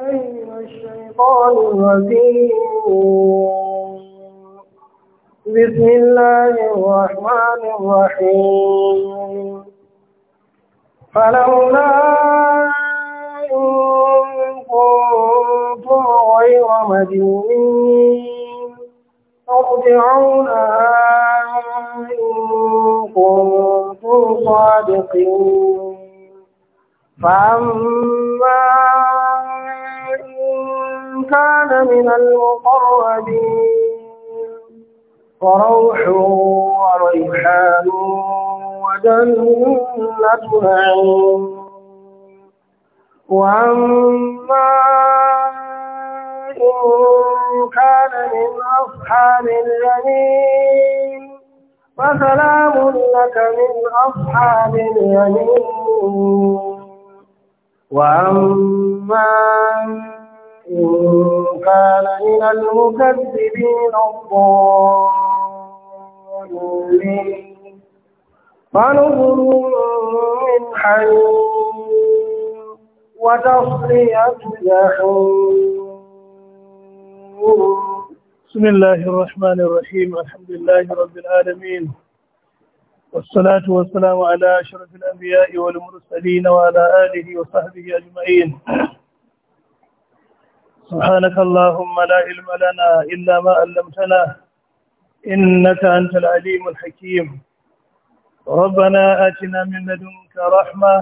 بالله من الشيطان الرجيم بسم الله الرحمن الرحيم فلولا إن كنتم غير مدينين ترجعونها إن كنتم صادقين فأما كان من المقربين فروح وريحان وجنة نعيم وأما إن كان من أصحاب اليمين فسلام لك من أصحاب اليمين وأما إن كان من المكذبين الضالين فنظر من حي وتصلية جحيم بسم الله الرحمن الرحيم الحمد لله رب العالمين والصلاة والسلام على أشرف الأنبياء والمرسلين وعلى آله وصحبه أجمعين سبحانك اللهم لا علم لنا إلا ما علمتنا إنك أنت العليم الحكيم ربنا آتنا من لدنك رحمة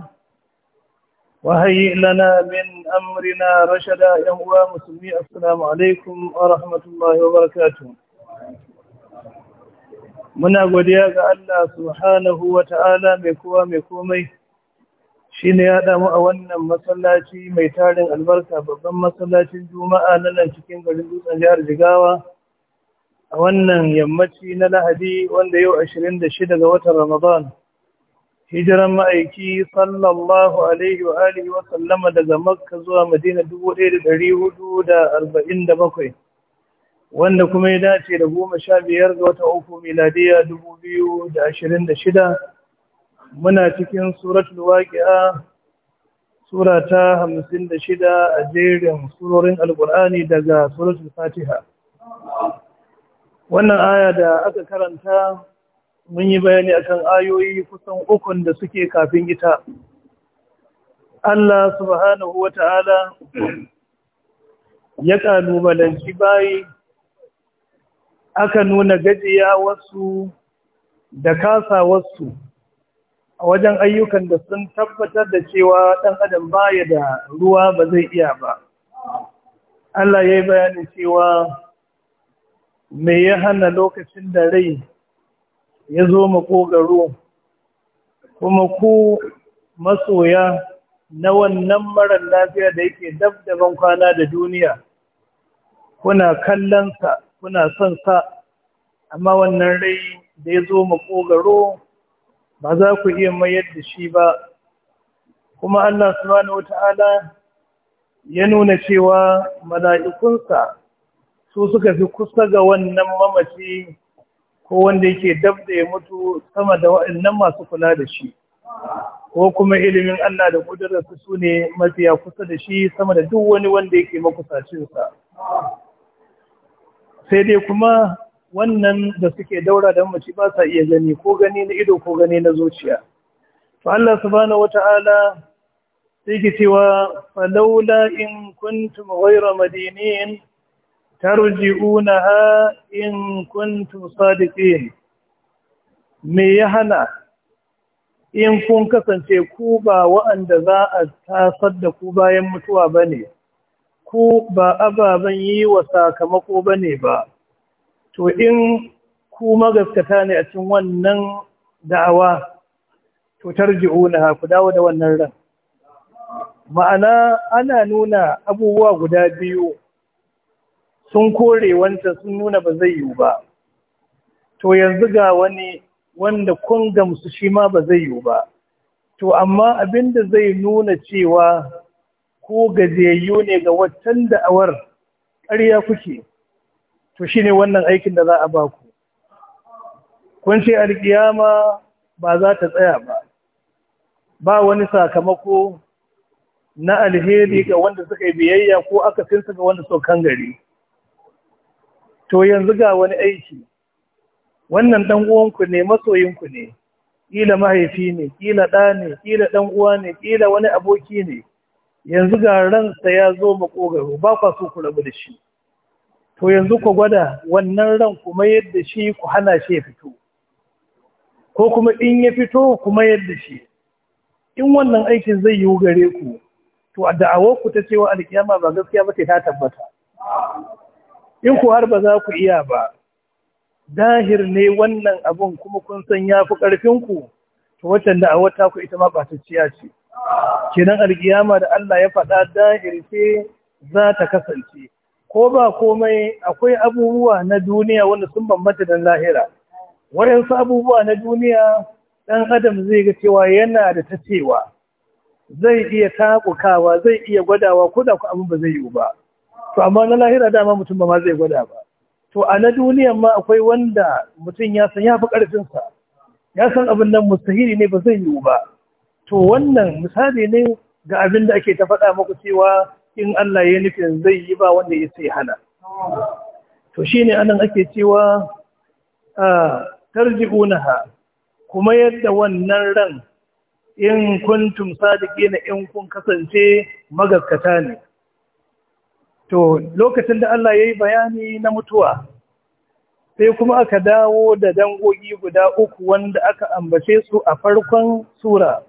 وهيئ لنا من أمرنا رشدا يا مسلمي السلام عليكم ورحمة الله وبركاته muna godiya ga Allah subhanahu wa ta'ala mai kowa mai komai shi ne ya damu a wannan masallaci mai tarin albarka babban masallacin juma'a na nan cikin garin dutsen jihar jigawa a wannan yammaci na lahadi wanda yau 26 ga watan ramadan hijiran ma'aiki sallallahu alaihi wa alihi wa sallama daga makka zuwa madina 1447 wanda kuma ya dace da goma sha biyar ga watan uku miladiya 2026 muna cikin suratul surata sura ta shida a jerin surorin Alƙur'ani daga suratul fatiha wannan aya da aka karanta mun yi bayani akan ayoyi kusan ukun da suke kafin ita Allah subhanahu Ta'ala ya ƙalubalanci bayi aka nuna gajiya wasu da kasa wasu a wajen ayyukan da sun tabbatar da cewa ɗan adam baya da ruwa ba zai iya ba Allah ya yi bayanin cewa me ya hana lokacin da rai ya zo makogaro kuma ku masoya na wannan marar lafiya da yake dabdaban kwana da duniya kuna kallonsa kuna son sa amma wannan rai da ya zo makogaro ba za ku iya mayar da shi ba kuma Allah subhanahu wata'ala ya nuna cewa mala'ikunsa su suka fi kusa ga wannan mamaci ko wanda yake dabda ya mutu sama da waɗannan masu kula da shi ko kuma ilimin Allah da ƙudurarsa su ne mafiya kusa da shi sama da duk wani wanda yake makusacinsa sai dai kuma wannan da suke daura da mace ba sa iya gani ko gani na ido ko gani na zuciya to Allah subhanahu wata'ala sai ki cewa falaula in kuntum ghayra madinin tarji'unaha in kuntum sadiqin me ya hana in kun kasance ku ba wa'anda za a tasar da ku bayan mutuwa bane ku ba ababen yi wa sakamako bane ba to in ku magaskata ne a cikin wannan da'awa to tarji'una ku dawo da wannan ran ma'ana ana nuna abubuwa guda biyu sun kore wancan sun nuna ba zai yiwu ba to yanzu ga wani wanda kun gamsu shi ma ba zai yiwu ba to amma abin da zai nuna cewa ko gajiyayyu ne ga waccan da'awar ƙarya kuke to ne wannan aikin da za a ba ku kun ce alkiyama ba za ta tsaya ba ba wani sakamako na alheri ga wanda suka yi biyayya ko aka sinsa ga wanda suka gari to yanzu ga wani aiki wannan dan uwanku ne masoyinku ne ƙila mahaifi ne ƙila ɗa ne kila ɗan uwa ne ƙila wani aboki ne yanzu ga ransa ya zo makogaro ba kwa so ku rabu da shi to yanzu ku gwada wannan ran kuma yadda shi ku hana shi ya fito ko kuma in ya fito kuma yadda shi in wannan aikin zai yiwu gare ku to a da'awarku ta cewa alkiyama ba gaskiya ba ce ta tabbata in ku har ba za ku iya ba dahir ne wannan abun kuma kun san ya fi ku to wacce da'awar ta ku ita ma ciya ce kenan alkiyama da Allah ya faɗa dahir ce za ta kasance ko ba komai akwai abubuwa na duniya wanda sun bambanta da lahira waɗansu abubuwa na duniya ɗan adam zai ga cewa yana da ta cewa zai iya taɓukawa zai iya gwadawa ko da abin ba zai yiwu ba to amma na lahira dama mutum ba ma zai gwada ba to a na duniyan ma akwai wanda mutum ya san ya fi ƙarfinsa ya san abin nan mustahili ne ba zai yiwu ba to wannan misali ne ga abin da ake ta faɗa muku cewa in Allah ya nufin zai yi ba wanda ya sai hana to shi ne anan ake cewa ah, ha', kuma yadda wannan ran in da gina in kun kasance magaskata ne to lokacin da Allah ya yi bayani na mutuwa sai kuma aka dawo da dangogi guda uku wanda aka ambace su a farkon sura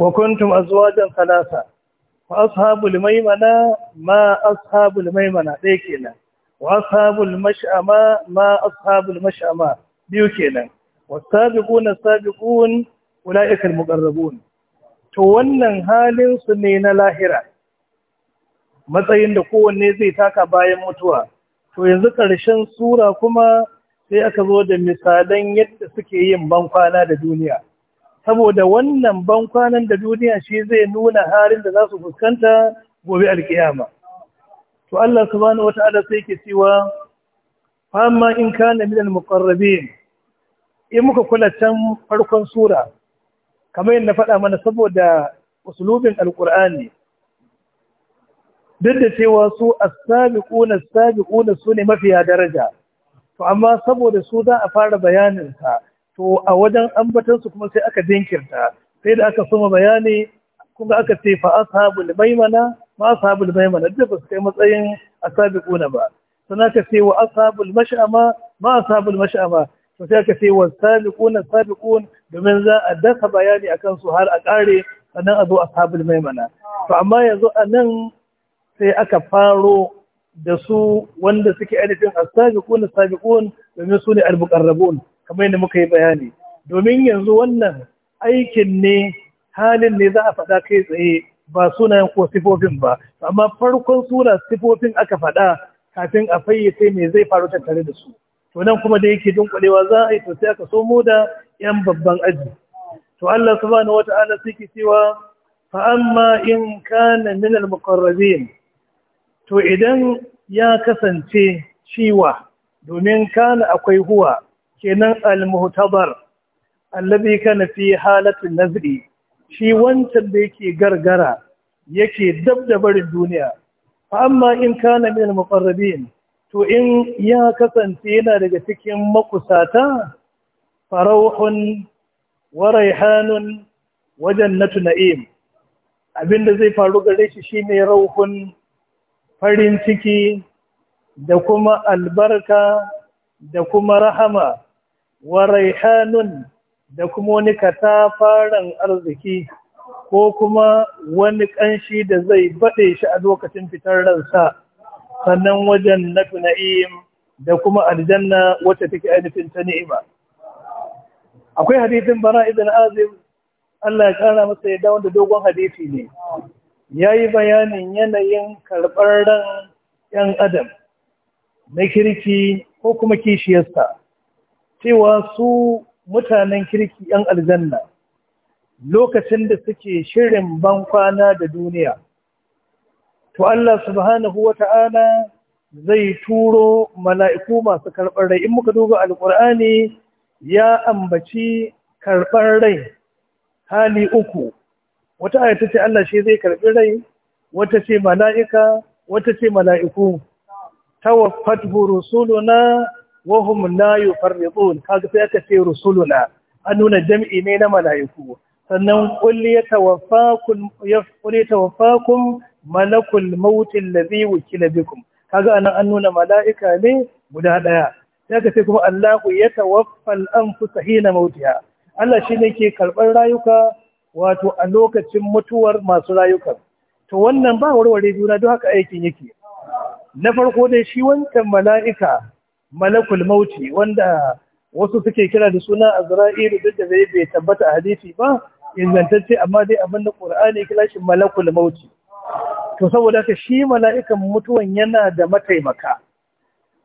wa kuntum azwajan kalasa. wa ashabul maimana ma ashabul maimana ɗaya kenan wa ashabul mash'ama ma ashabul mash'ama biyu kenan والسابقون السابقون أولئك المقربون to wannan halin su ne na lahira matsayin da kowanne zai taka bayan mutuwa to yanzu ƙarshen sura kuma sai aka zo da misalan yadda suke yin bankwana da duniya saboda wannan bankwanan da duniya shi zai nuna harin da za su fuskanta gobe alkiyama to Allah bani wata wata'ala sai ke cewa fama in na milan mukarrabe, in muka kula can farkon sura kamar na faɗa mana saboda usulubin Alƙur'ani. duk da cewa su as-sabiquna as su sune mafiya daraja to amma saboda su za a fara bayanin sa to a wajen ambatansu kuma sai aka jinkirta sai da aka soma bayani kuma aka ce fa ashabul maimana ma ashabul maimana duk ba su kai matsayin asabiquna ba sannan aka ce wa ashabul mash'ama ma ashabul mash'ama to sai aka ce wa sabiquna sabiqun domin za a daka bayani akan su har a kare sannan a zo ashabul maimana to amma yanzu a nan sai aka faro da su wanda suke ainihin asabiquna sabiqun domin su ne al-muqarrabun kamar yadda muka yi bayani domin yanzu wannan aikin ne halin ne za a faɗa kai tsaye ba sunayen ko sifofin ba amma farkon suna sifofin aka faɗa kafin a fayyace me zai faru tattare da su to nan kuma da yake dunkulewa za a yi to sai aka somo da yan babban aji to Allah subhanahu wata'ala sai ke cewa fa amma in kana min al muqarrabin to idan ya kasance ciwa domin kana akwai huwa kenan al-muhtabar allazi kana fi halatin nazri shi wancan da yake gargara yake dabdabarin duniya fa amma in kana min al-muqarrabin to in ya kasance yana daga cikin makusata farauhun wa raihanun wa jannatu na'im abinda zai faru gare shi shine rauhun farin ciki da kuma albarka da kuma rahama wa raihanun da kuma wani katafaren arziki ko kuma wani ƙanshi da zai baɗe shi a lokacin fitar ransa sannan wajen na na'im da kuma aljanna wacce take ainihin ta ni'ima akwai hadithin bara idan azim Allah ya kara masa ya wanda dogon hadisi ne ya yi bayanin yanayin karɓar ran 'yan adam na kirki ko kuma kishiyarsa cewa su mutanen kirki ‘yan aljanna lokacin da suke shirin ban kwana da duniya. To Allah subhanahu wa ta'ala zai turo mala'iku masu karɓar rai, in muka duba alƙur'ani ya ambaci karɓar rai hali uku, wata ayata ce Allah shi zai karɓi rai, wata ce mala'ika, wata ce mala'iku, tawaffat rusuluna wahum la yufarridun kaga sai aka ce rusuluna an nuna jam'i ne na malaiku sannan kulli yatawaffakum yafquli tawaffakum malakul maut alladhi wukila bikum kaga anan an nuna malaika ne guda daya sai aka ce kuma Allahu tawaffal anfusa hina mautiha Allah shi ne ke karɓar rayuka wato a lokacin mutuwar masu rayukan to wannan ba warware juna duk haka aikin yake na farko dai shi wancan mala'ika malakul mauti wanda wasu suke kira da suna azra'ilu duk da zai bai tabbata a hadisi ba ingantacce amma dai abin da qur'ani kira shi malakul mauti to saboda haka shi mala'ikan mutuwan yana da mataimaka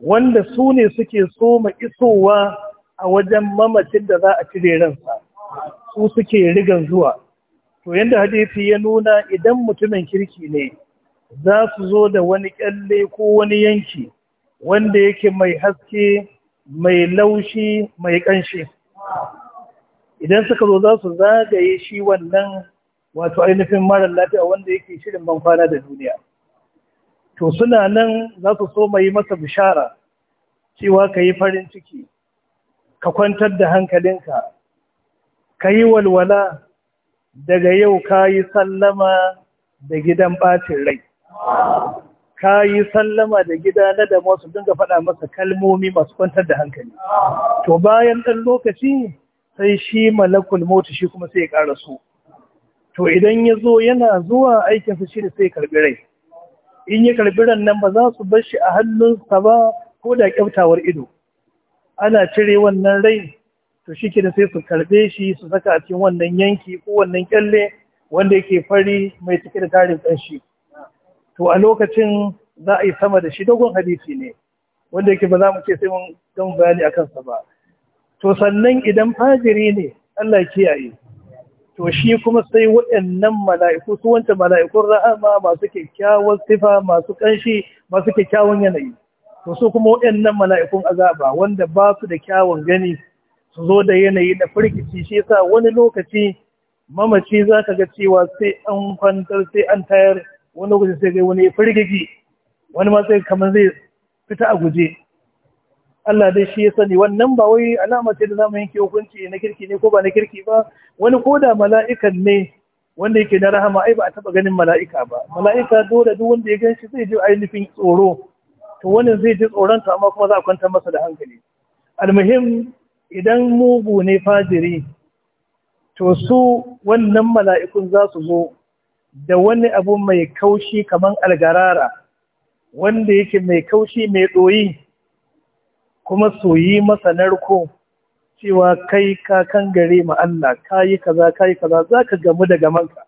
wanda su ne suke soma isowa a wajen mamacin da za a cire ransa su suke rigan zuwa to yadda hadisi ya nuna idan mutumin kirki ne za su zo da wani kyalle ko wani yanki wanda yake mai haske mai laushi mai ƙanshi idan suka zo za su zagaye shi wannan wato ainihin marar lafiya wanda yake shirin kwana da duniya to suna nan za su so mai masa bishara cewa ka yi farin ciki ka kwantar da hankalinka ka yi walwala daga yau ka yi sallama da gidan ɓacin rai ka yi sallama da gida na da masu dinga faɗa masa kalmomi masu kwantar da hankali to bayan ɗan lokaci sai shi malakul mota shi kuma sai ya ƙara so to idan ya zo yana zuwa aikinsa shi ne sai karɓi rai in ya karɓi ran nan ba za su bar shi a hannunsa ba ko da kyautawar ido ana cire wannan rai to shi ke sai su karɓe shi su saka a cikin wannan yanki ko wannan kyalle wanda yake fari mai cike da tarin ƙanshi to a lokacin za a yi sama da shi dogon hadisi ne wanda yake ba za mu ce sai mun gan bayani a kansa ba to sannan idan fajiri ne Allah kiyaye to shi kuma sai waɗannan mala'iku su wancan mala'ikun rahama masu kyakkyawan sifa masu ƙanshi masu kyakkyawan yanayi to su kuma waɗannan mala'ikun azaba wanda ba su da kyawun gani su zo da yanayi Da firgici shi yasa wani lokaci mamaci za ka ga cewa sai an kwantar sai an tayar wani lokaci sai ga wani ya firgigi wani ma sai kamar zai fita a guje Allah dai shi ya sani wannan ba wai alama ce da zamu yanke hukunci na kirki ne ko ba na kirki ba wani ko da mala'ikan ne wanda yake na rahama ai ba a taba ganin mala'ika ba mala'ika dole duk wanda ya ganshi zai ji ainihin tsoro to wannan zai ji tsoron ta amma kuma za a kwantar masa da hankali almuhim idan mugu ne fajiri to su wannan mala'ikun za su zo da wani abu mai kaushi kamar algarara wanda yake mai kaushi mai ɗoyi kuma soyi masa narko cewa kai ka kan gare ma Allah kayi kaza kayi kaza ka gamu da gamanka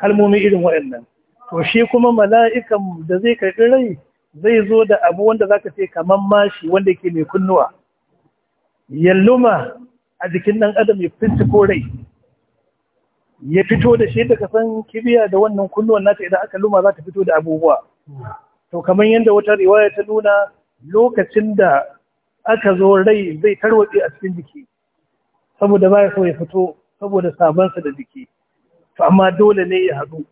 kalmomi irin waɗannan to shi kuma mala'ikan da zai karɓi rai zai zo da abu wanda za ka ce kamar mashi wanda yake mai kunnuwa yalluma a jikin ɗan adam ya ko rai ya fito da shi da kasan kibiya da wannan kunnuwan nata idan aka luma za ta fito da abubuwa to kamar yadda wata riwaya ta nuna lokacin da aka zo rai zai tarwatse a cikin jiki saboda baya so ya fito saboda sabansa da jiki to amma dole ne ya haɗu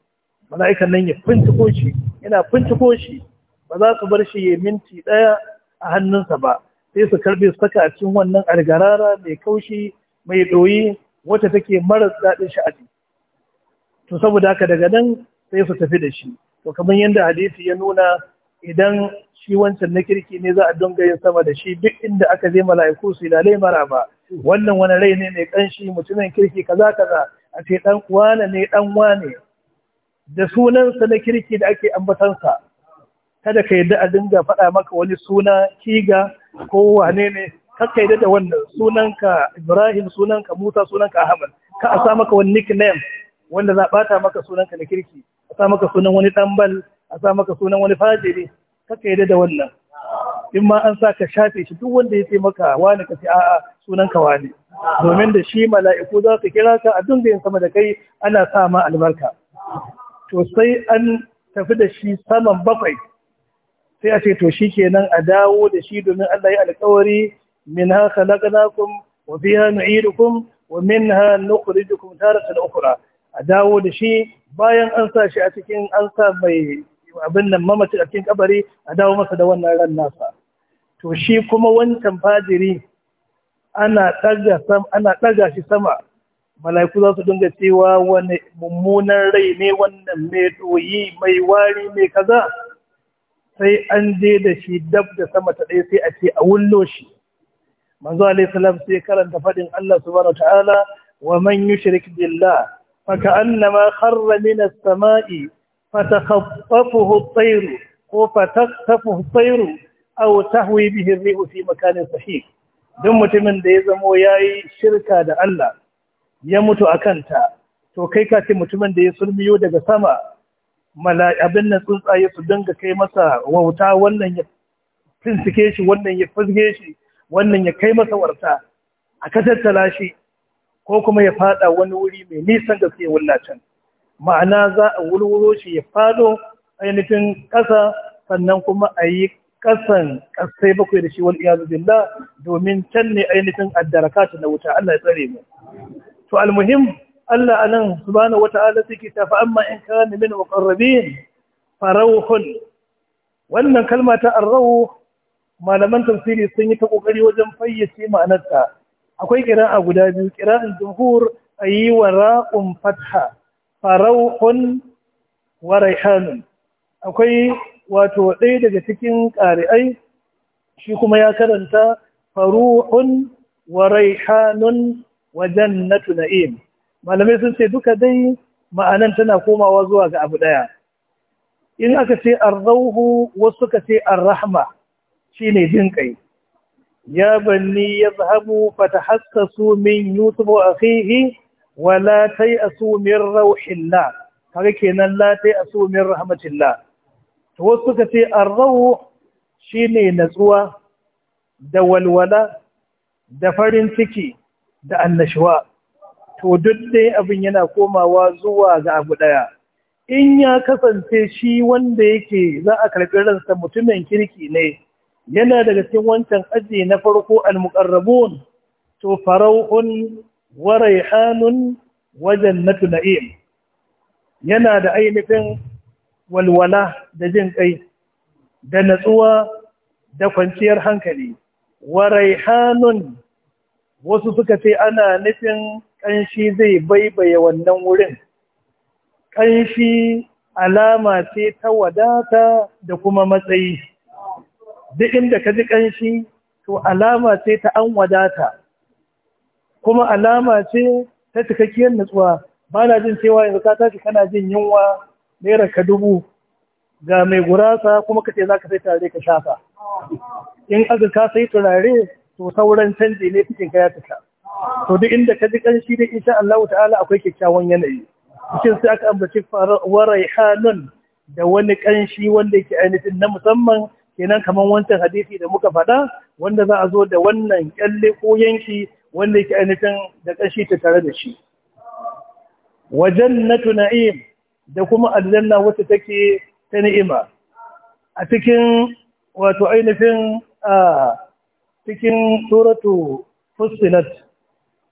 mala'ikan nan ya finciko shi yana finciko shi ba za su bar shi ya minti ɗaya a hannunsa ba sai su karbe su saka a cikin wannan algarara mai kaushi mai ɗoyi wata take maras daɗin sha'ani to saboda haka daga nan sai su tafi da shi to kamar yadda hadisi ya nuna idan shi wancan na kirki ne za a dunga yin sama da shi duk inda aka je mala'iku su lalai mara ba wannan wani rai ne mai kanshi mutumin kirki kaza kaza a ce dan wane ne dan wane da sunansa na kirki da ake ambatansa kada ka yadda a dinga faɗa maka wani suna kiga ko wane ne kakka yadda da wannan sunanka Ibrahim sunanka Musa sunanka Ahmad ka a sa maka wani nickname wanda za a ɓata maka sunanka na kirki a sa maka sunan wani ɗanbal a sa maka sunan wani fajiri kaka yi da wannan in ma an sa ka shafe shi duk wanda ya ce maka wani ka ce a'a sunanka wani domin da shi mala'iku za ka kira ka a dunga sama da kai ana sa ma albarka to sai an tafi da shi saman bakwai sai a ce to shi kenan a dawo da shi domin Allah ya alkawari min ha khalaqnakum wa fiha nu'idukum wa minha nukhrijukum taratan ukhra a dawo da shi bayan an sa shi a cikin an sa mai abin nan mamaci a cikin kabari a dawo masa da wannan ran nasa to shi kuma wancan fajiri ana ɗaga shi sama mala'iku za su dinga cewa wani mummunan rai ne wannan mai doyi mai wari mai kaza sai an je da shi dab da sama ta ɗaya sai a ce a wullo shi manzo alaihi salam sai karanta faɗin Allah subhanahu wa ta'ala wa man yushrik billah فكأنما خر من السماء فتخطفه الطير فتخطفه الطير أو تهوي به الريح في مكان صحيح don mutumin da ya zamo ya yi shirka da Allah ya mutu a kanta to kai ka ce mutumin da ya surmiyo daga sama abin nan tsuntsaye su dinga kai masa wauta wannan ya finsike shi wannan ya kai masa warta a ka tattala shi ko kuma ya fada wani wuri mai nisan gaske wallacin ma'ana za a wulwuro shi ya fado ainihin ƙasa sannan kuma a yi ƙasan ƙasai bakwai da shi wani iyazu billah domin can ne ainihin addarakatu na wuta Allah ya tsare mu to almuhim Allah anan subhanahu wata'ala sai ke tafi amma in ne min muqarrabin farauhun wannan kalma ta arrahu malaman tafsiri sun yi ta kokari wajen fayyace ma'anarta akwai kira'a guda biyu kira'ar a ayi wa ra'un fatha farauhun wa raihanun akwai wato ɗaya daga cikin ƙari'ai shi kuma ya karanta faruhun wa raihanun wa jannatu na'im malamai sun ce duka dai ma'anan tana komawa zuwa ga abu ɗaya in aka ce arrauhu wasu ka ce arrahma shine jin kai يا بني يذهبوا فتحسسوا من يوسف أخيه ولا تيأسوا من روح الله فكنا لا تيأسوا من رحمة الله توسك في الروح شيني نزوى دول ولا دفرن سكي da annashuwa to duk dai abin yana komawa zuwa ga abu daya in ya kasance shi wanda yake za a karɓi ransa mutumin kirki ne yana daga cikin wancan aji na farko al-muqarrabun to fara'un wa raihanun wa jannatu na'im yana da ainihin walwala da jin kai da natsuwa da kwanciyar hankali wa raihanun wasu suka ce ana nufin kanshi zai baibaye wannan wurin kanshi alama ce ta wadata da kuma matsayi duk inda ka ji ƙanshi to alama ce ta an wadata kuma alama ce ta cikakkiyar nutsuwa ba na jin cewa yanzu ka tashi kana jin yunwa naira ka dubu ga mai gurasa kuma ka ce za ka sai tare ka shafa in aka ka sai turare to sauran canji ne cikin ka ya fita to duk inda ka ji ƙanshi da insha Allah ta'ala akwai kyakkyawan yanayi cikin sai aka ambaci farar waraihanun da wani ƙanshi wanda yake ainihin na musamman kenan kamar wancan hadisi da muka faɗa wanda za a zo da wannan kyalle ko yanki wanda yake ainihin da ƙashi ta tare da shi wajen na tuna'im da kuma aljanna wata take ta ni'ima a cikin wato ainihin a cikin suratu fussilat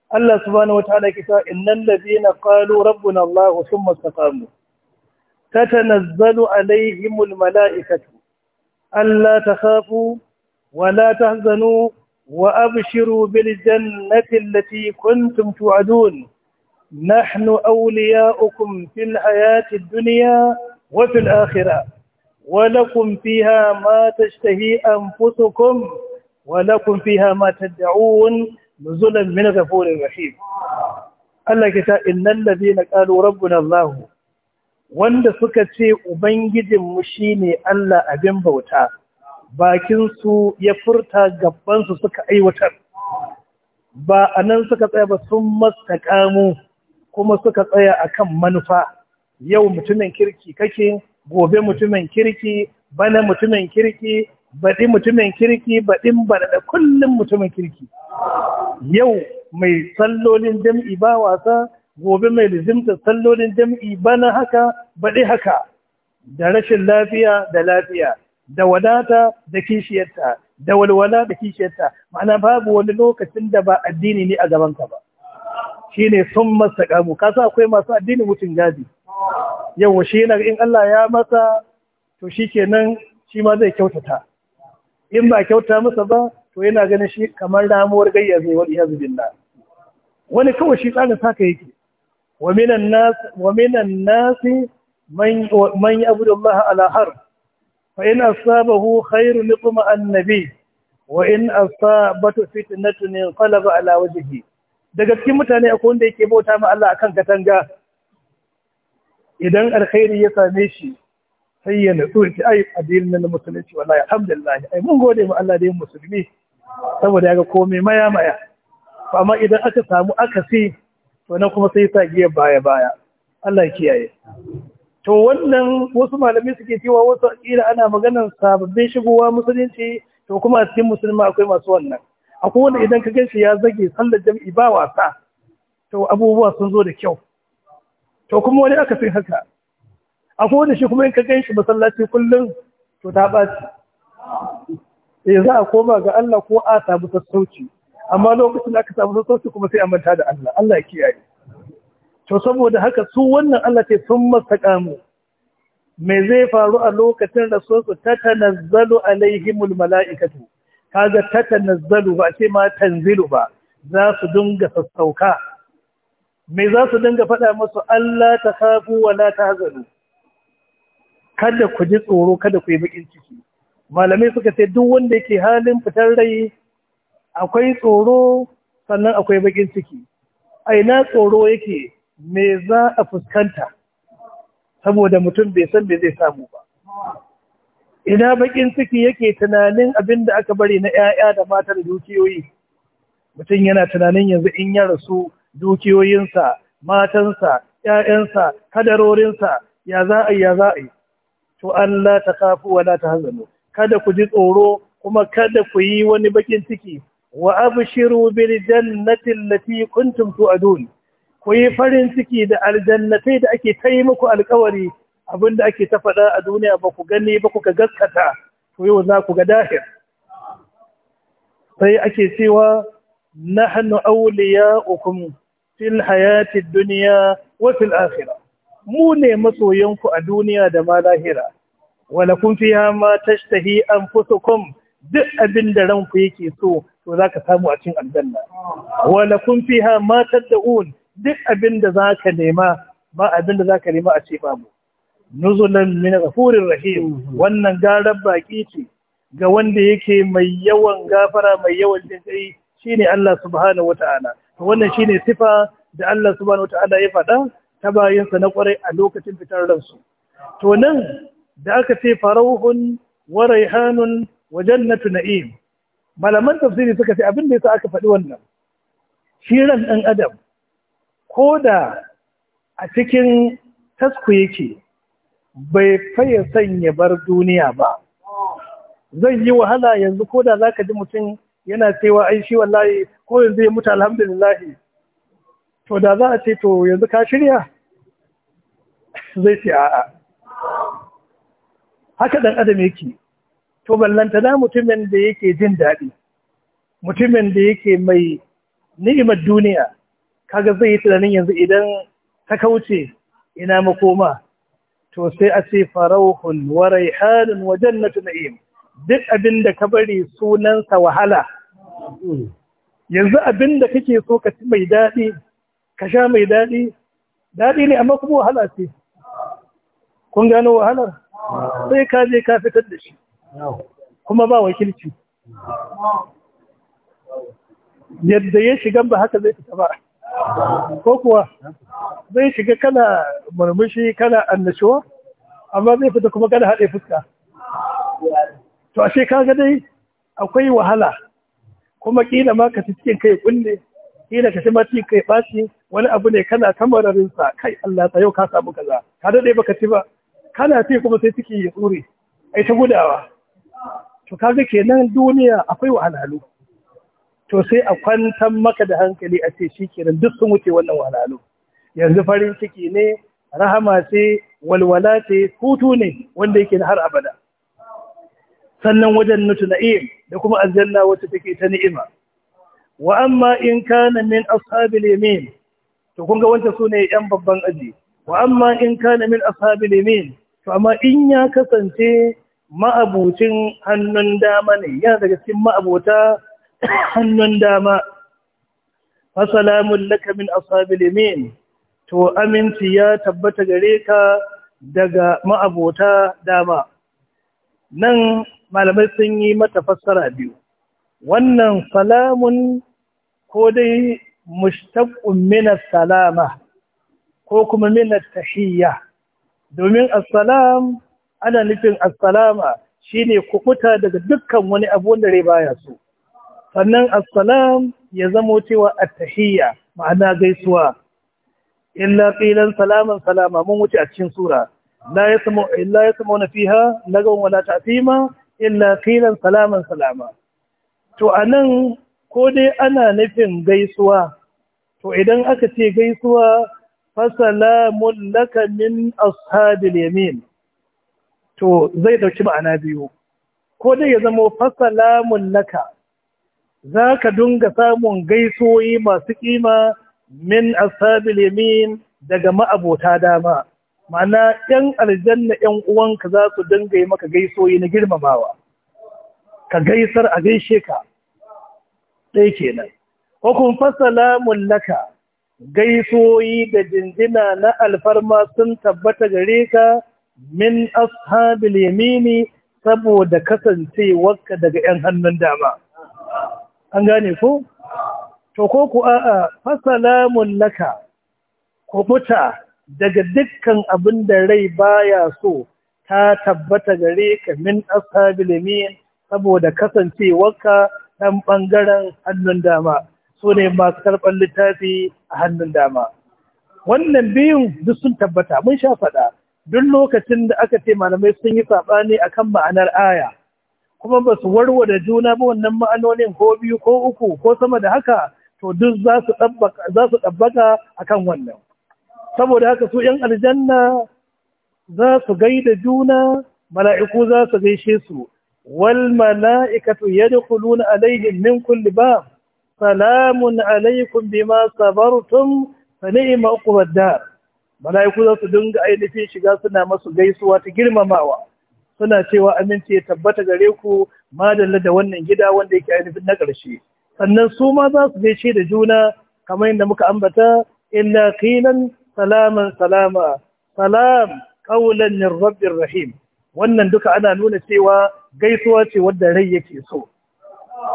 Allah subhanahu wa ta'ala cewa innal ladina qalu rabbuna Allah thumma istaqamu tatanazzalu alaihimul mala'ikatu ألا تخافوا ولا تحزنوا وأبشروا بالجنة التي كنتم توعدون نحن أولياؤكم في الحياة الدنيا وفي الآخرة ولكم فيها ما تشتهي أنفسكم ولكم فيها ما تدعون نزلا من غفور رحيم الله كتاب إن الذين قالوا ربنا الله wanda suka ce Ubangijinmu shi ne Allah abin bauta, bakinsu ya furta gabansu suka aiwatar, ba a nan suka tsaya ba sun mastakamu kuma suka tsaya akan manufa, yau mutumin kirki kake, gobe mutumin kirki, bana mutumin kirki, baɗi mutumin kirki, baɗin baɗaɗa kullum mutumin kirki. Yau mai sallolin jam'i ba wasa gobe mai lizimta sallolin jam'i bana haka baɗi haka da rashin lafiya da lafiya da wadata da kishiyarta da walwala da kishiyarta ma'ana babu wani lokacin da ba addini ne a gabanka ba shi ne sun masa ƙamu kasa akwai masu addini mutum gadi yawa shi na in Allah ya masa to shi kenan shi ma zai kyautata in ba kyauta masa ba to yana ganin shi kamar ramuwar gayya zai wani yanzu binna wani kawai shi tsarin saka yake wa minan nas wa minan nas man man yabudu Allah ala har annabi wa daga cikin mutane akwai wanda yake bauta ma Allah akan katanga idan alkhairi ya same shi sai ya nutsu ki ai addinin na musulunci wallahi alhamdulillah ai mun gode ma Allah da yin musulmi saboda ya ga komai maya maya amma idan aka samu akasi Wannan kuma sai sa giyar baya baya Allah kiyaye to wannan wasu malamai suke cewa wasu kila ana maganar sababbin shigowa musulunci to kuma a cikin musulma akwai masu wannan akwai wanda idan ka ganshi ya zage sallar jam'i ba wasa to abubuwa sun zo da kyau to kuma wani aka fin haka akwai wanda shi kuma in ka ganshi masallaci kullum to ta ɓaci eh za a koma ga Allah ko a samu sassauci amma lokacin da aka samu sassauci kuma sai a manta da Allah Allah ya kiyaye to saboda haka su wannan Allah ce sun mastaqamu me zai faru a lokacin da su tatanazzalu alaihimul malaikatu kaga tatanazzalu ba sai ma tanzilu ba za su dinga sassauka me za su dinga faɗa musu Allah ta kafu wa la tahzanu kada ku ji tsoro kada ku yi bakin ciki malamai suka ce duk wanda yake halin fitar rai akwai tsoro sannan akwai bakin ciki a ina tsoro yake me za a fuskanta saboda mutum bai san me zai samu ba ina bakin ciki yake tunanin abin da aka bari na 'ya'ya da mata dukiyoyi mutum yana tunanin yanzu in ya rasu dukiyoyinsa matansa 'ya'yansa kadarorinsa ya za a yi ya za a yi to Allah ta kafu wa ta hanzu. kada ku ji tsoro kuma kada ku yi wani bakin ciki وأبشروا بالجنة التي كنتم Ku kuyi farin ciki da aljannatai da ake ta yi muku alkawari abinda ake ta faɗa a duniya ba ku gani ba kuka gaskata to yau za ku ga dahir sai ake cewa nahnu awliya'ukum fil hayati dunya wa fil akhirah mu ne masoyanku a duniya da ma lahira wala kun fiha ma tashtahi anfusukum duk abin da ranku yake so to za ka samu a cin aljanna wala kun fiha ma tad'un duk abin da za ka nema ba abin da za ka nema a ce babu nuzulan min ghafurir rahim wannan garan baki ce ga wanda yake mai yawan gafara mai yawan jin kai shine Allah subhanahu wataala to wannan shine sifa da Allah subhanahu wataala ya faɗa ta bayansa na kwarai a lokacin fitar su. to nan da aka ce farauhun wa raihanun wa jannatu na'im malaman tafsiri suka ce abin da yasa aka faɗi wannan shi ɗan adam ko da a cikin tasku yake bai faye sanya bar duniya ba zai yi wahala yanzu ko da za ka ji mutum yana cewa ai shi wallahi ko yanzu ya mutu alhamdulillah to da za a ce to yanzu ka shirya zai ce a'a haka ɗan adam yake to na mutumin da yake jin daɗi mutumin da yake mai ni'imar duniya kaga zai yi tunanin yanzu idan ta kauce ina makoma to sai a ce farauhun wa raihanun wa jannatu na'im duk abin da ka bari sunansa wahala yanzu abin da kake so ka ci mai daɗi ka sha mai daɗi daɗi ne amma kuma wahala ce kun gano wahalar sai ka je ka fitar da shi kuma ba wakilci yadda ya shiga ba haka zai fita ba ko kuwa zai shiga kana murmushi kana annashuwa amma zai fita kuma kana haɗe fuska to ashe kaga dai akwai wahala kuma ƙila ma ka cikin kai kulle ƙila ka ma cikin kai wani abu ne kana kamararin sa kai Allah ta yau ka samu kaza ka dade baka ci ba kana ci kuma sai ciki yi tsure ai ta gudawa to kaga kenan duniya akwai wahalhalu to sai a kwantar maka da hankali a ce shi kenan duk sun wuce wannan wahalhalu yanzu farin ciki ne rahama ce walwala ce hutu ne wanda yake har abada sannan wajen nutu na'im da kuma aljanna wacce take ta ni'ima wa amma in kana min ashabil yamin to kun ga wanda sune yan babban aji wa amma in kana min ashabil yamin to amma in ya kasance ma'abucin hannun dama ne yana daga cikin ma'abuta hannun dama fasalamun laka asabilimin to aminci ya tabbata gare ka daga ma'abuta dama nan malamai sun yi mata fassara biyu wannan salamun ko dai mushtaqqun min salama ko kuma min tahiyya domin salam. ana nufin assalama shine kukuta daga dukkan wani abu wanda rai baya so sannan assalam ya zamo cewa tahiyya ma'ana gaisuwa illa qilan salaman salama mun wuce a cikin sura la yasmu illa yasmu fiha lagaw wala ta'sima illa qilan salaman salama to anan ko dai ana nufin gaisuwa to idan aka ce gaisuwa fasalamun laka min ashabil yamin to zai ɗauki ma'ana biyu ko dai ya zama fasalamun naka za ka dunga samun gaisoyi masu kima min asabil yamin daga ma'abota dama ma'ana yan aljanna yan uwanka za su dinga yi maka gaisoyi na girmamawa ka gaisar a gaishe ka ɗaya kenan ko kun fasalamun naka gaisoyi da jinjina na alfarma sun tabbata gare ka min ashabil yamini saboda kasancewarka daga ‘yan hannun dama. An gane ku? To, ko ku a'a, fasalamun laka, kubuta daga dukkan abin da rai baya so ta tabbata gare ka min ashabil yamin saboda kasancewarka ɗan ɓangaren hannun dama, sune ne masu karban littafi a hannun dama. Wannan biyun duk sun tabbata, mun sha faɗa. duk lokacin da aka ce malamai sun yi saɓani akan ma'anar aya kuma ba su warware juna ba wannan ma'anonin ko biyu ko uku ko sama da haka to duk za su ɗabbaka a kan wannan saboda haka su ‘yan aljanna za su gaida juna mala'iku za su gaishe su wal mala'ikatu yadkhuluna alaihim min kulli ba, salamun alaikum bima sabartum fa ni'ma uqbad dar mala'iku za su dinga ainihin shiga suna masu gaisuwa ta girmamawa suna cewa aminci ya tabbata gare ku madalla da wannan gida wanda yake ainihin na ƙarshe sannan su ma za su gaishe da juna kamar yadda muka ambata illa qilan salaman salama salam qawlan min rabbir rahim wannan duka ana nuna cewa gaisuwa ce wadda rai yake so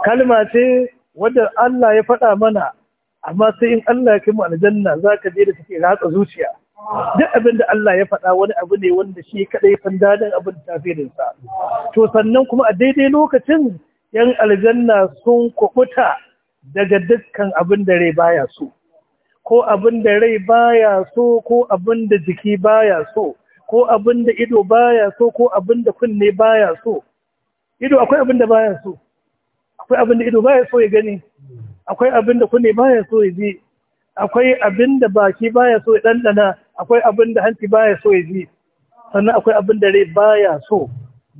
kalma ce wadda Allah ya faɗa mana amma sai in Allah ya kai mu aljanna zaka je da take ratsa zuciya duk abin da Allah ya faɗa wani abu ne wanda shi kaɗai san dadin abin tasirinsa to sannan kuma a daidai lokacin yan aljanna sun kuɓuta daga dukkan abin da rai baya so ko abin da rai baya so ko abin da jiki baya so ko abin da ido baya so ko abin da kunne baya so ido akwai abin da baya so akwai abin da ido baya so ya gani akwai abin da kunne baya so ya ji akwai abin da baki baya so ya dandana, akwai abin da hanci baya so ya ji sannan akwai abin da rai baya so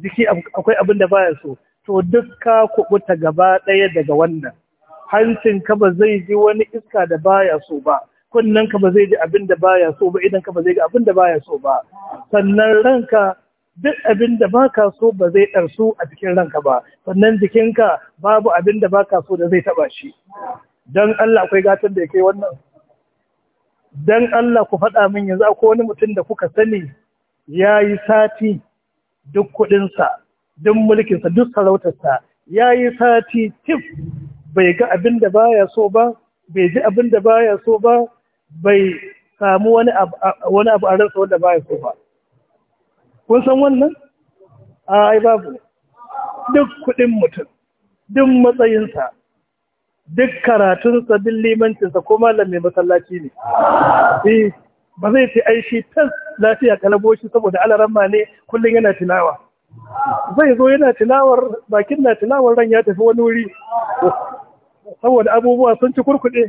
jiki akwai abin da baya so to duk ka kubuta gaba ɗaya daga wannan hancin ka ba zai ji wani iska da baya so ba kunnen ka ba zai ji abin da baya so ba idan ka ba zai ga abin da baya so ba sannan ranka duk abin da baka so ba zai darsu a cikin ranka ba sannan jikinka babu abin da baka so da zai taɓa shi dan Allah akwai gatar da ya kai wannan dan Allah ku faɗa min yanzu akwai wani mutum da kuka sani ya yi sati duk kuɗinsa duk mulkinsa duk sarautarsa ya yi sati tif bai ga abin da baya so ba bai ji abin da baya so ba bai samu wani abu a ransa wanda baya so ba kun san wannan ai babu duk kuɗin mutum duk matsayinsa duk karatun duk limancinsa ko malam mai masallaci ne eh ba zai ce ai shi tas lafiya kalabo shi saboda alaramma ne kullum yana tilawa zai zo yana tilawar bakin na tilawar ran ya tafi wani wuri saboda abubuwa sun ci kurkuɗe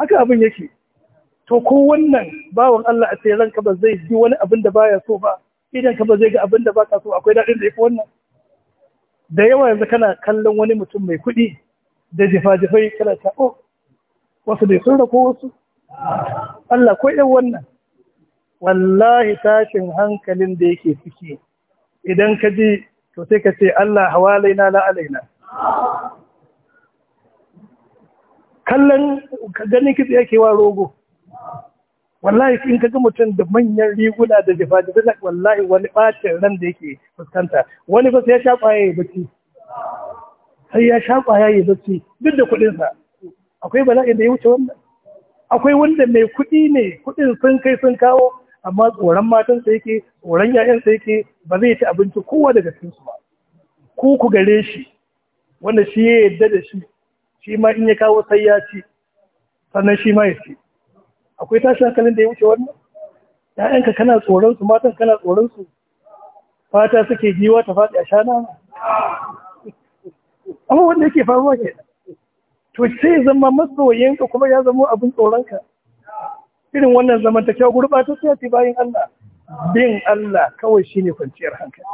haka abin yake to ko wannan bawan Allah a sai ranka ba zai ji wani abin da baya so ba idan ka ba zai ga abin da baka so akwai daɗin da ya fi wannan da yawa yanzu kana kallon wani mutum mai kuɗi da jifajifai jifai kana ta o oh, wasu bai sun rako wasu Allah ko ɗan wannan wallahi tashin hankalin da yake ciki idan ka ji to sai ka ce Allah hawalaina la alaina kallon ganin kitse yake wa rogo wallahi in ka ga mutum da manyan riguna da jifa da wallahi wani bacin ran da yake fuskanta wani ba sai ya sha kwaye bace sai ya sha kwaya ya bacci duk da kuɗinsa akwai bala'in da ya wuce wannan akwai wanda mai kuɗi ne kuɗin sun kai sun kawo amma tsoron matansa yake tsoron yayansa yake ba zai ci abinci kowa daga cikinsu ba ku ku gare shi wanda shi ya yadda da shi shi ma in ya kawo sai ya ci sannan shi ma ya ci akwai tashin hankalin da ya wuce wannan ‘ya'yanka kana tsoron su matan kana tsoron su fata suke giwa ta faɗi a shana amma wanda yake faruwa ke to sai zama masoyinka kuma ya zama abin tsoronka irin wannan zamantakewa gurɓata sai ta bayan Allah bin Allah kawai shine kwanciyar hankali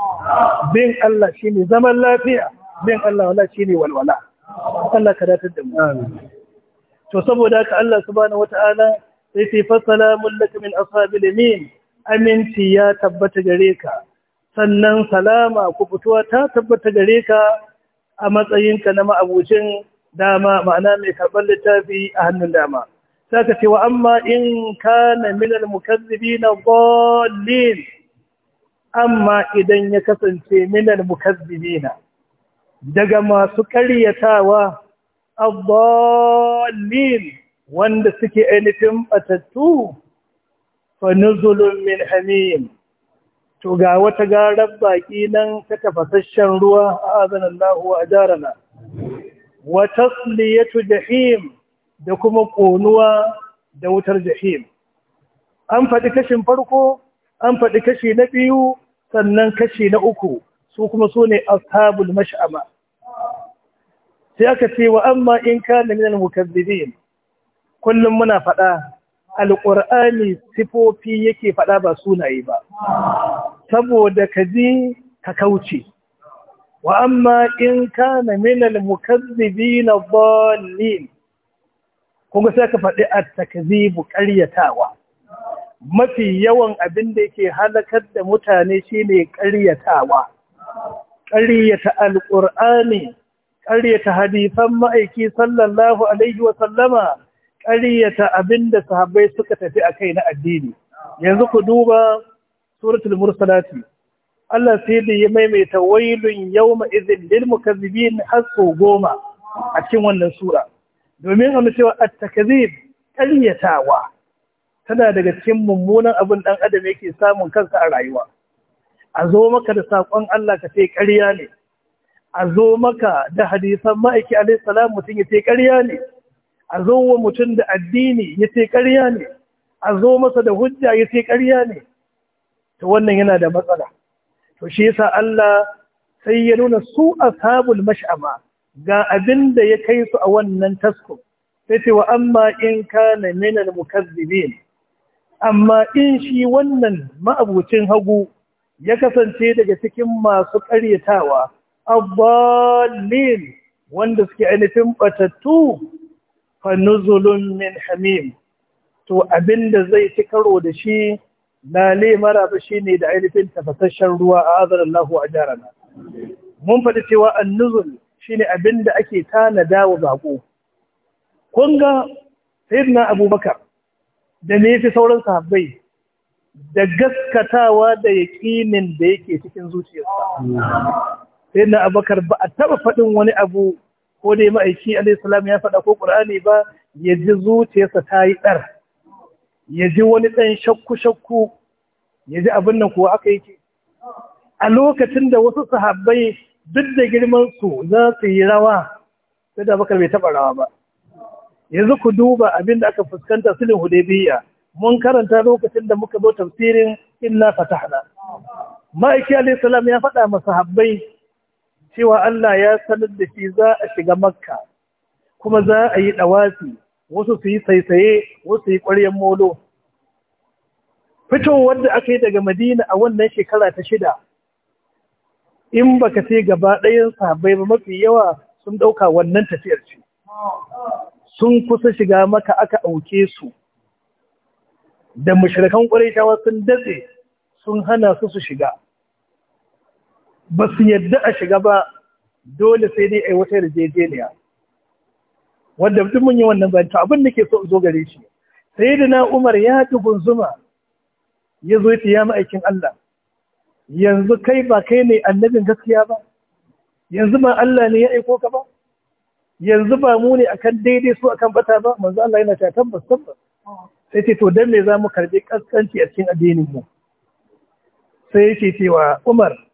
bin Allah shine zaman lafiya bin Allah wala shine walwala Allah ka datar da mu to saboda haka Allah subhanahu wataala sai fi fasalamun laka min ashabil yamin aminci ya tabbata gare ka sannan salama ku fituwa ta tabbata gare ka a matsayinka na ma'abucin dama ma'ana mai karɓar littafi a hannun dama Ta ka ce wa amma in kana minar mukazzibi na bolin amma idan ya kasance minar mukazzibi na daga masu karyatawa a gollin wanda suke ainihin batattu fa nuzulun min hamim to ga wata garar baƙi nan ta tafasasshen ruwa a azanin lahuwa a jarana "wata tasliyatu jahim da kuma ƙonuwa da wutar jahim an faɗi kashin farko an faɗi kashi na biyu sannan kashi na uku su kuma su ne ashabul mash'ama sai aka ce wa amma in kana minal mukazzibin kullum muna faɗa alƙur'ani sifofi yake faɗa ba sunaye ba saboda ka ji ka kauce wa amma in kana minal al-mukazzibin na bolin, kuma sai ka faɗi at-takzibu ƙaryatawa mafi yawan abin da yake halakar da mutane shine ƙaryatawa ƙaryata alƙur'ani ƙaryata hadisan ma'aiki sallallahu alaihi wa sallama ƙaryata abinda sahabbai suka tafi a kai na addini yanzu ku duba suratul mursalati Allah sai da ya maimaita wailun yawma idhin lil mukazzibin har goma a cikin wannan sura domin a cewa at-takzib ƙaryatawa tana daga cikin mummunan abin ɗan adam yake samun kansa a rayuwa a zo maka da saƙon Allah ka ce ƙarya ne a zo maka da hadisan ma'aiki alaihi salam mutum ya ce ƙarya ne a zo wa mutum da addini ya ce ƙarya ne a zo masa da hujja ya ce ƙarya ne to wannan yana da matsala to shi yasa Allah sai ya nuna su ashabul mash'ama ga abin da ya kai su a wannan tasko sai ce wa amma in kana minal mukazzibin amma in shi wannan ma'abucin hagu ya kasance daga cikin masu ƙaryatawa abbalin wanda suke ainihin batattu fa nuzulun min hamim to abinda zai ci karo da shi na lemara ba shi ne da ainihin tafasasshen ruwa a azar Allah a jarana mun faɗi cewa annuzul shine abinda ake tanada wa bako kun ga sayyidina abubakar da ne fi sauran sahabbai da gaskatawa da yaƙinin da yake cikin zuciyarsa mm. sayyidina abubakar ba a taɓa faɗin wani abu ko dai ma'aiki alaihi ya faɗa ko ƙur'ani ba ya ji zuciyarsa ta yi ɗar ya ji wani ɗan shakku-shakku ya ji abin nan kuwa aka ce. a lokacin da wasu sahabbai duk da girmansu za su yi rawa sai da bakar bai taɓa rawa ba yanzu ku duba abin da aka fuskanta ne hudaybiya mun karanta lokacin da muka zo tafsirin illa fatahna ma'aiki alayhi ya faɗa wa sahabbai cewa Allah ya sanar da shi za a shiga makka kuma za a yi ɗawasi wasu su yi saisaye wasu yi ƙwaryen molo fito da aka yi daga madina a wannan shekara ta shida in baka sai gaba ɗayan sabai ba mafi yawa sun ɗauka wannan tafiyar ce sun kusa shiga maka aka auke su da mashirkan ƙwarai sun datse sun hana su su shiga ba su yadda a shiga ba dole sai dai a yi wata yarjejeniya wanda duk mun yi wannan ta abin da ke so zo gare shi sai da na umar ya ci gunzuma ya zo ya ma'aikin Allah yanzu kai ba kai ne annabin gaskiya ba yanzu ba Allah ne ya aiko ka ba yanzu ba mu ne akan daidai su akan bata ba manzo Allah yana ta tabbas tabbas sai ce to dan me za mu karbi kaskanci a cikin addinin mu sai yake cewa Umar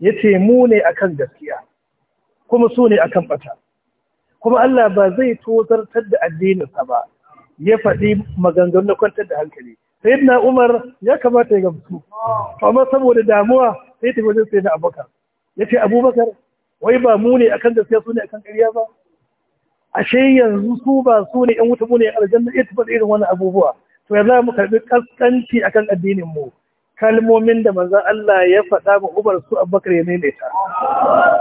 ya ce mu ne akan gaskiya kuma su ne akan bata kuma Allah ba zai tozartar da addininsa ba ya faɗi maganganu na kwantar da hankali na Umar ya kamata ya gamsu amma saboda damuwa sai ta wajen abokan. Abubakar ce Abubakar wai ba mu ne akan gaskiya su ne akan ƙarya ba ashe yanzu su ba su ne yan wuta mu ne aljanna ita ba irin wani abubuwa to ya za mu karɓi kaskanci akan addinin mu kalmomin da manzan Allah ya faɗa ba Umar su Abubakar ya maimaita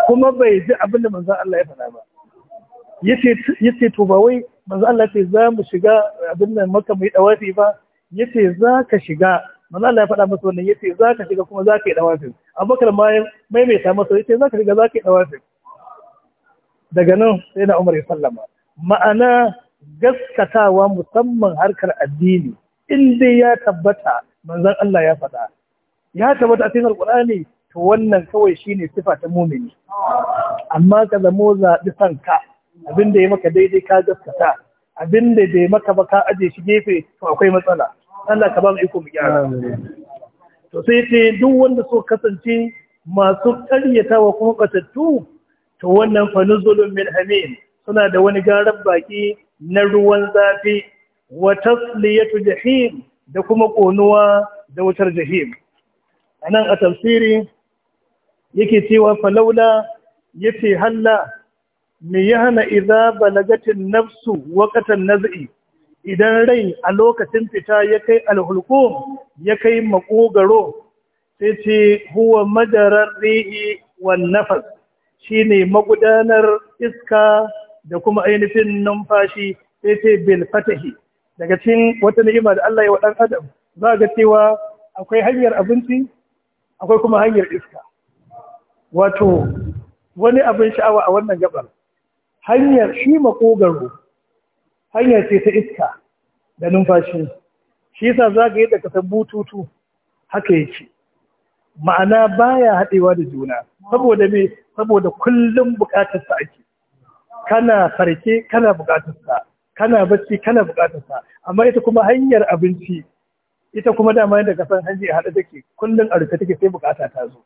kuma bai ji abin da manzan Allah ya faɗa ba yace to ba wai manzan Allah ce za mu shiga abin nan maka mai ɗawafi ba yace za ka shiga manzan Allah ya faɗa masa wannan yace za ka shiga kuma za ka yi ɗawafi, Abubakar ma ya maimaita masa yace za ka shiga za ka yi ɗawafi, daga nan sai na Umar ya sallama ma'ana gaskatawa musamman harkar addini in dai ya tabbata manzon Allah ya faɗa ya tabbata a cikin alqur'ani to wannan kawai shi ne sifa ta mumini amma ka zamo zaɓi sanka abinda ya maka daidai ka gaskata abinda bai maka ba ka ajiye shi gefe to akwai matsala Allah ka ba mu iko mu gyara to sai ce duk wanda so kasance masu karyatawa kuma ƙasattu, to wannan fa nuzulun min hamim suna da wani garan baƙi na ruwan zafi wa tasliyatu jahim da kuma ƙonuwa da wutar jahim a nan a tafsiri yake cewa falaula ya ce halla me ya hana iza balagatin nafsu wakatan naz'i idan rai a lokacin fita ya kai alhulku ya kai makogaro sai ce huwa madarar rihi wa nafas Shi ne magudanar iska da kuma ainihin numfashi sai ce bil daga cikin wata ni'ima da Allah ya wa ɗan adam za ga cewa akwai hanyar abinci akwai kuma hanyar iska wato wani abin sha'awa a wannan gabar hanyar shi makogaro hanyar ce ta iska da numfashi shi yasa za ga yadda kasar bututu haka yake ma'ana baya haɗewa da juna saboda me saboda kullum buƙatarsa ake kana farke kana buƙatarsa kana bacci kana bukatarsa amma ita kuma hanyar abinci ita kuma dama yadda kasan hanji a haɗe take kullum a rufe take sai bukata ta zo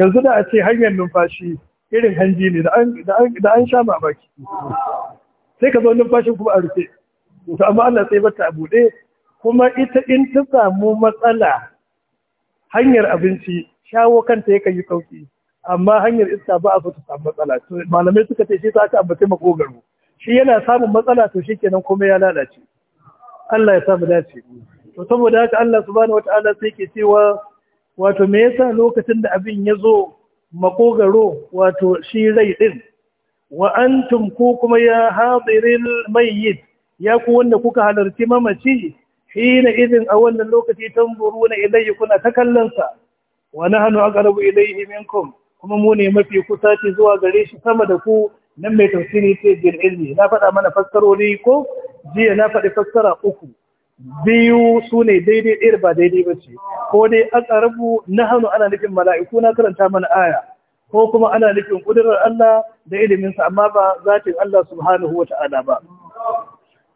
yanzu da a ce hanyar numfashi irin hanji ne da an sha mamaki sai ka zo numfashin kuma a rufe to amma Allah sai bata a buɗe kuma ita in ta samu matsala hanyar abinci shawo kanta yakan yi sauki amma hanyar iska ba a so ta samu matsala malamai suka ce shi ta aka ambace makogaro shi yana samun matsala to kenan kuma ya lalace Allah ya samu dace to saboda haka Allah subhanahu wataala sai ke cewa wato me yasa lokacin da abin ya zo makogaro wato shi rai din wa antum ku kuma ya hadiril mayyit ya ku wanda kuka halarci mamaci hina idin a wannan lokaci tanzuruna ilayhi kuna ta kallonsa. wa nahnu aqrabu ilayhi minkum kuma mu ne mafi kusa ce zuwa gare shi sama da ku nan mai tafsiri sai bil ilmi na faɗa mana fassarori ko jiya na faɗi fassara uku biyu su ne daidai ɗaya ba daidai ba ce ko dai an ƙarabu na hannu ana nufin mala'iku na karanta mana aya ko kuma ana nufin ƙudurar Allah da iliminsa amma ba zatin Allah subhanahu wa ta'ala ba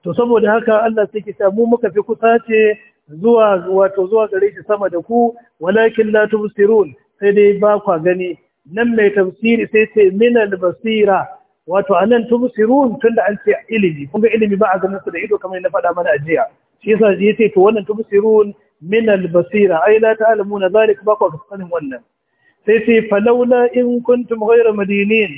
to saboda haka Allah sai ki mu muka fi kusa ce zuwa wato zuwa gare shi sama da ku walakin la tubsirun sai dai ba kwa gani nan mai tafsiri sai sai minal basira wato anan tun da an ce ilimi kun ga ilimi ba a ganin su da ido kamar na faɗa mana a jiya shi yasa ce to wannan Tumsirun min al-basira ai la ta'lamuna zalik ba ku sanin wannan sai sai falawla in kuntum ghayra madinin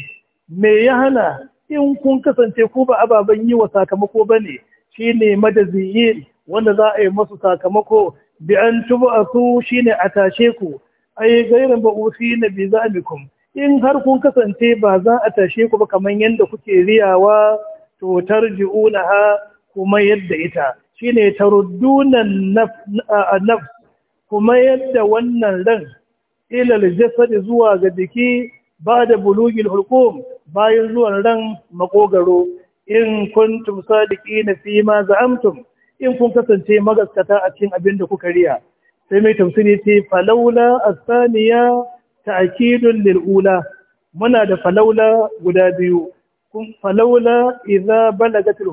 me ya hana in kun kasance ku ba ababen yi wa sakamako bane shine madaziyin wanda za a yi masu sakamako bi an tubu a su shine a tashe ku ai gairan ba na bi zamikum in har kun kasance ba za a tashe ku ba kamar yadda kuke riyawa to ha kuma yadda ita shine naf naf kuma yadda wannan ran ilal jasad zuwa ga jiki ba da bulugil hulqum bayan zuwan ran makogaro in kuntum sadiqina fi ma za'amtum in kun kasance magaskata a cikin abin da kuka riya sai mai tafsiri ce falaula asaniya ta'kidun lil'ula muna da falaula guda biyu kun falaula idza balagatil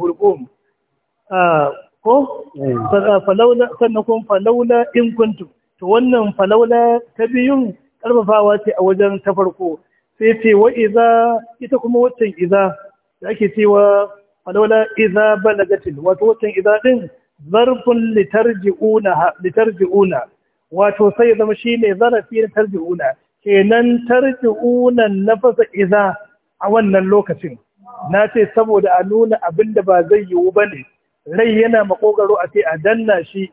A ah, ko eh. falaula sannan kun falaula in kuntum to wannan falaula ta biyun karfafawa ce a wajen ta farko sai ce wa idza ita kuma waccan idza da ake cewa falaula idza balagatil wato waccan idza din zarfun litarji'una litarji'una wato sai zama shine zarafi litarji'una kenan tarji'unan nafasa iza a wannan lokacin na ce saboda a nuna abin da ba zai yiwu ba ne rai yana makogaro a ce a danna shi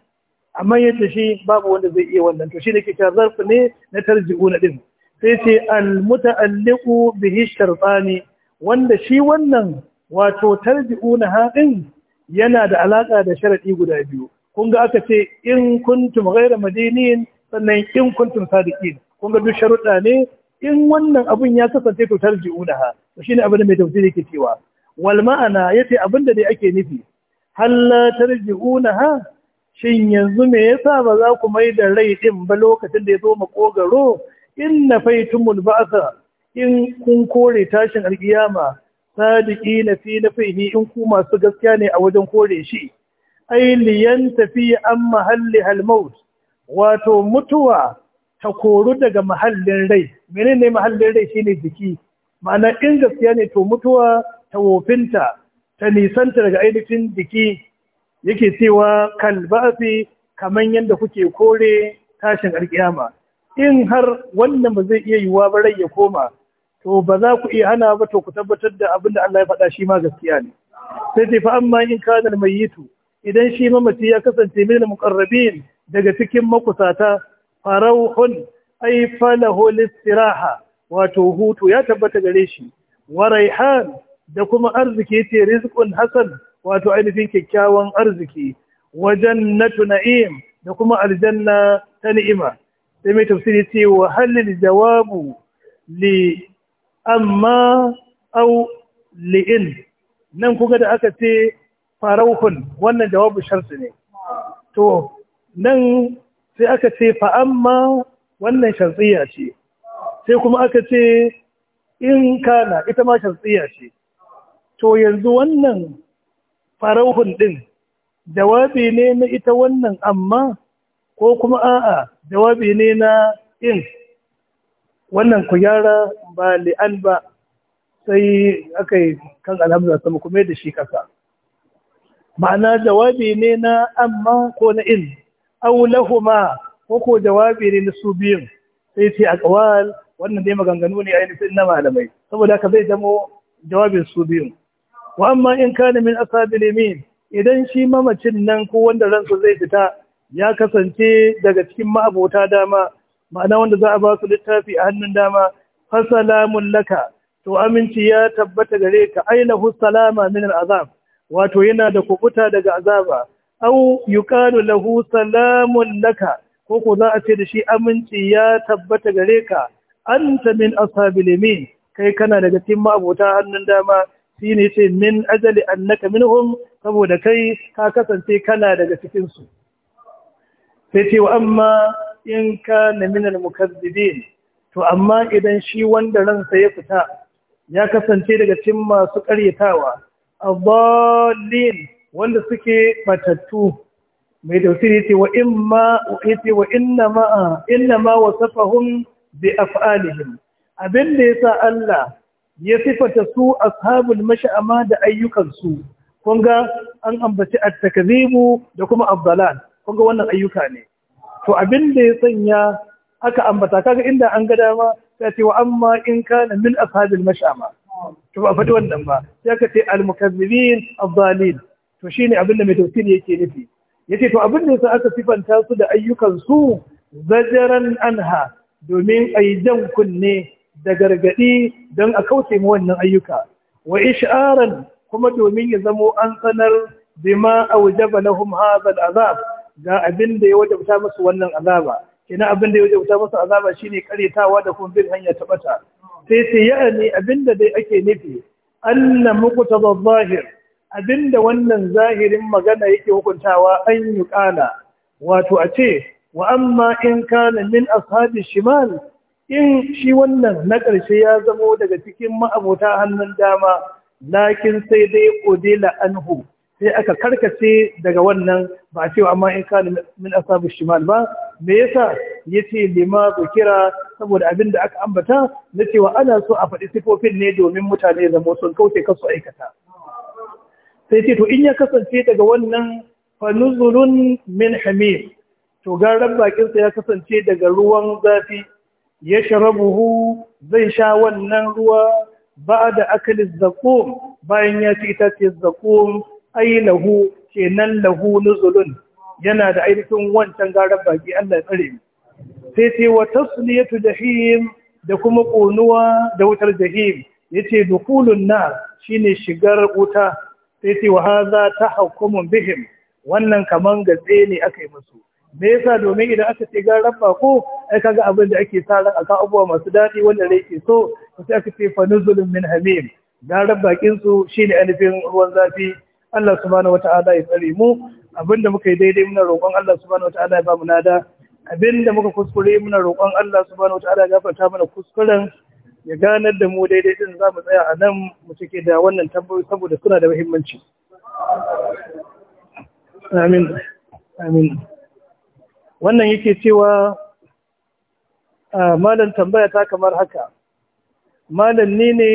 amma ce shi babu wanda zai iya wannan to shi ne ke zarfi ne na tarji'una din sai ce almuta'alliqu bihi shartani wanda shi wannan wato tarji'una haɗin yana da alaƙa da sharaɗi guda biyu kun ga aka ce in kuntum ghayra madinin sannan in kuntum sadiqin kun ga duk sharuɗa ne in wannan abun ya kasance to ha to shine abin da mai tafsiri yake cewa wal ma'ana yace abin da dai ake nufi una ha? shin yanzu me yasa ba za ku mai da rai din ba lokacin da ya zo makogaro in faitumul ba'sa in kun kore tashin alkiyama sadiki na fi na fihi in ku masu gaskiya ne a wajen kore shi ai liyan tafi an mahalli halmaut wato mutuwa ta koru daga mahallin rai menene mahallin rai shine jiki ma'ana in gaskiya ne to mutuwa ta wofinta ta nisanta daga ainihin jiki yake cewa kalba'afi kamar yadda kuke kore tashin alkiyama in har wannan ba zai iya yiwuwa ba rai ya koma to ba za ku iya hana ba to ku tabbatar da abin da Allah ya faɗa shi ma gaskiya ne sai ce fa amma in kana mayitu idan shi mamaci ya kasance min muqarrabin daga cikin makusata farauhun ai falahu listiraha wato hutu ya tabbata gare shi wa raihan da kuma arziki ce rizqun hasan wato ainihin kyakkyawan arziki wa jannatu na'im da kuma aljanna ta ni'ima sai mai tafsiri ce wa halil jawabu li amma au li'in nan kuga da aka ce farauhun wannan jawabu sharti ne to nan sai aka ce fa'amma wannan shantsiya ce sai kuma aka ce in kana ita ma shantsiya ce to yanzu wannan farauhun ɗin jawabi ne na ita wannan amma ko kuma a'a jawabi ne na in wannan ku gyara ba li'an ba sai aka yi kan alhamdu sama kuma da shi kasa ma'ana jawabi ne na amma ko na in aw lahuma koko jawabi ne na su biyun sai ce aqwal wannan dai maganganu ne ainihin na malamai saboda haka zai zamo jawabin su biyun wa amma in kana min ashabil yamin idan shi mamacin nan ko wanda ransa zai fita ya kasance daga cikin ma'abota dama ma'ana wanda za a ba su littafi a hannun dama fasalamun laka to aminci ya tabbata gare ka ainihu salama min azab wato yana da kubuta daga azaba au yukanu lahu salamun laka ko ko za a ce da shi aminci ya tabbata gare ka anta min ashabil yamin kai kana daga cikin mabota hannun dama shine ce min ajali annaka minhum saboda kai ka kasance kana daga cikin su sai ce wa amma in kana min al-mukazzibin to amma idan shi wanda ransa ya fita ya kasance daga cikin masu ƙaryatawa adallin wanda suke matattu mai dausir ce wa imma yace wa inna ma inna ma wasafahum bi af'alihim abin da yasa Allah ya sifata su ashabul mash'ama da ayyukan su kun ga an ambaci at-takzibu da kuma abdalan kun ga wannan ayyuka ne to abin da ya sanya aka ambata kaga inda an ga dama sai ce wa amma in kana min ashabil mash'ama to ba faɗi wannan ba sai ka ce al-mukazzibin adh to shine abin da mai tafsiri yake nufi ce to abin da yasa aka sifanta su da ayyukan su zajaran anha domin ayi jan kunne da gargadi don a kauce mu wannan ayyuka wa isharan kuma domin ya zamo an sanar bima aujaba lahum hadha al'azab ga abin da ya wajabta musu wannan azaba kina abin da ya wajabta musu azaba shine karetawa da kuma bin hanya ta bata sai sai ne abin da dai ake nufi anna muqtada zahir abinda wannan zahirin magana yake hukuntawa an yi ƙala wato a ce wa amma in kana min ashabi shimal in shi wannan na ƙarshe ya zamo daga cikin ma'abota hannun dama lakin sai dai ƙudila anhu sai aka karkace daga wannan ba a cewa amma in kana min ashabi shimal ba me yasa yace lima kira saboda abin da aka ambata na cewa ana so a faɗi sifofin ne domin mutane zamo sun kauce kasu aikata sai ce to in ya kasance daga wannan fanuzulun min hamim to garan bakinsa ya kasance daga ruwan zafi ya sharabuhu zai sha wannan ruwa ba da akali zakum bayan ya ci itace zakum ai lahu nan lahu nuzulun yana da ainihin wancan garan baki Allah ya tsare mu sai ce wa tasliyatu jahim da kuma ƙonuwa da wutar jahim yace dukulun nar shine shigar wuta sai ce wa haza ta hukumun bihim wannan kamar gatse ne aka yi musu me yasa domin idan aka ce ga rabba ko ai kaga abin da ake sa ran akan abubuwa masu dadi wanda rai ke so sai aka ce fa nuzulun min hamim Gyaran rabba kin su shine alifin ruwan zafi Allah subhanahu wata'ala ya tsare mu abinda muka yi daidai muna roƙon Allah subhanahu wata'ala ya ba mu nada abinda muka kuskure muna roƙon Allah subhanahu wata'ala ya gafarta mana kuskuren ya ganar da mu daidai din za mu tsaya a nan mu cike da wannan tambayoyi saboda suna da muhimmanci amin amin wannan yake cewa ah, malam tambaya ta kamar haka malam ni ne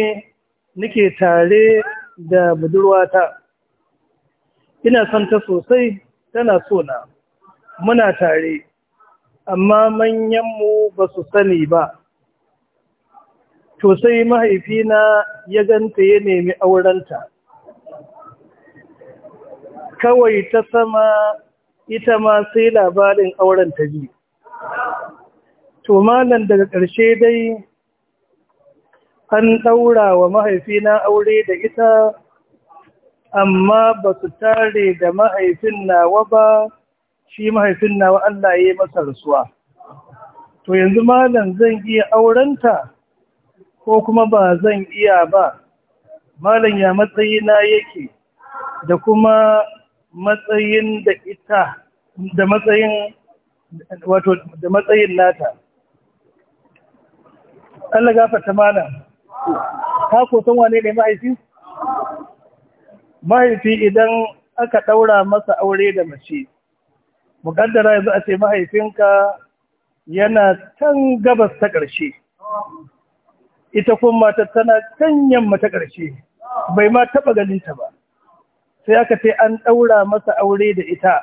nake tare da budurwata ina son ta sosai tana so na muna tare amma manyanmu ba su sani ba to sai mahaifina ya ganta ya nemi aurenta kawai ta sama ita ma sai labarin auren ta ji to malam daga ƙarshe dai an ɗaura wa mahaifina aure da ita amma ba su tare da mahaifin nawa ba shi mahaifin nawa Allah ya yi masa rasuwa to yanzu malam zan iya aurenta ko kuma ba zan iya ba malam ya matsayina yake da kuma matsayin da ita da matsayin wato da matsayin nata Allah gafarta malam ka ko san wane ne mahaifi mahaifi idan aka ɗaura masa aure da mace muƙaddara yanzu a ce mahaifinka yana can gabas ta ƙarshe ita kuma matar tana can yamma ta ƙarshe bai ma taɓa ganin ta ba sai aka ce an ɗaura masa aure da ita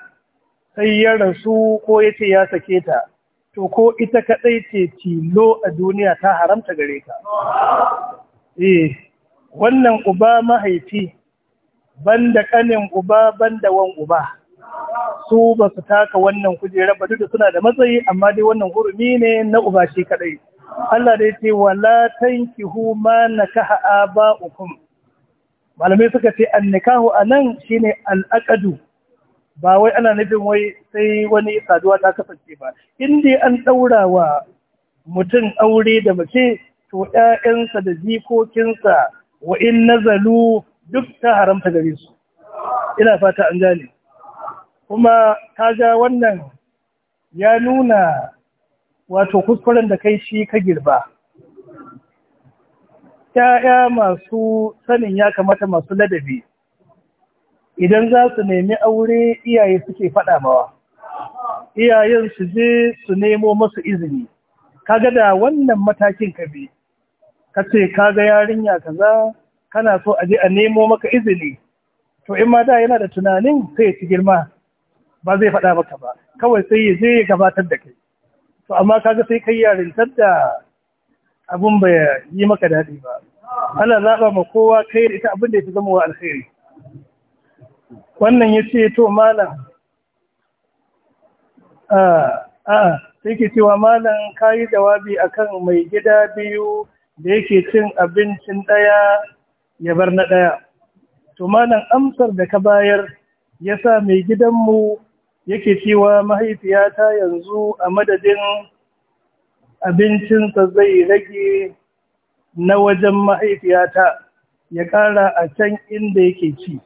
sai ya rasu ko ya ce ya sake ta to ko ita kaɗai ce tilo a duniya ta haramta gare ka eh wannan uba mahaifi banda ƙanin uba banda wan uba su ba su taka wannan kujera ba duk da suna da matsayi amma dai wannan hurumi ne na uba shi kaɗai Allah da la wala hu ma ba aba'ukum malamai suka ce an annikahu anan shine al'akadu ba wai ana nufin wai sai wani saduwa ta kasance ba in an daura wa mutum aure da mace to 'ya'yansa da jikokinsa wa in nazalu duk ta haramta gare su ina fata an gane kuma kaga wannan ya nuna wato kuskuren da kai shi ka girba ‘ya'ya masu sanin ya kamata masu ladabi idan za su nemi aure iyaye suke faɗa mawa iyayen su je su nemo masu izini kaga da wannan matakin ka bi ka ce kaga yarinya kaza kana so a je a nemo maka izini to in ma da yana da tunanin sai ya ci girma ba zai faɗa maka ba kawai sai ya je ya gabatar da kai to amma kaga sai kai yarintar da abin bai yi maka daɗi ba ana zaɓa ma kowa kai da ita abin da ya zama wa alkhairi wannan ya to malam a'a sai ke cewa malam ka yi jawabi akan mai gida biyu da yake cin abincin ɗaya ya bar na ɗaya to malam amsar da ka bayar ya sa mai mu yake cewa mahaifiyata yanzu a madadin abincinsa zai rage na wajen mahaifiyata ya ƙara a can inda yake ci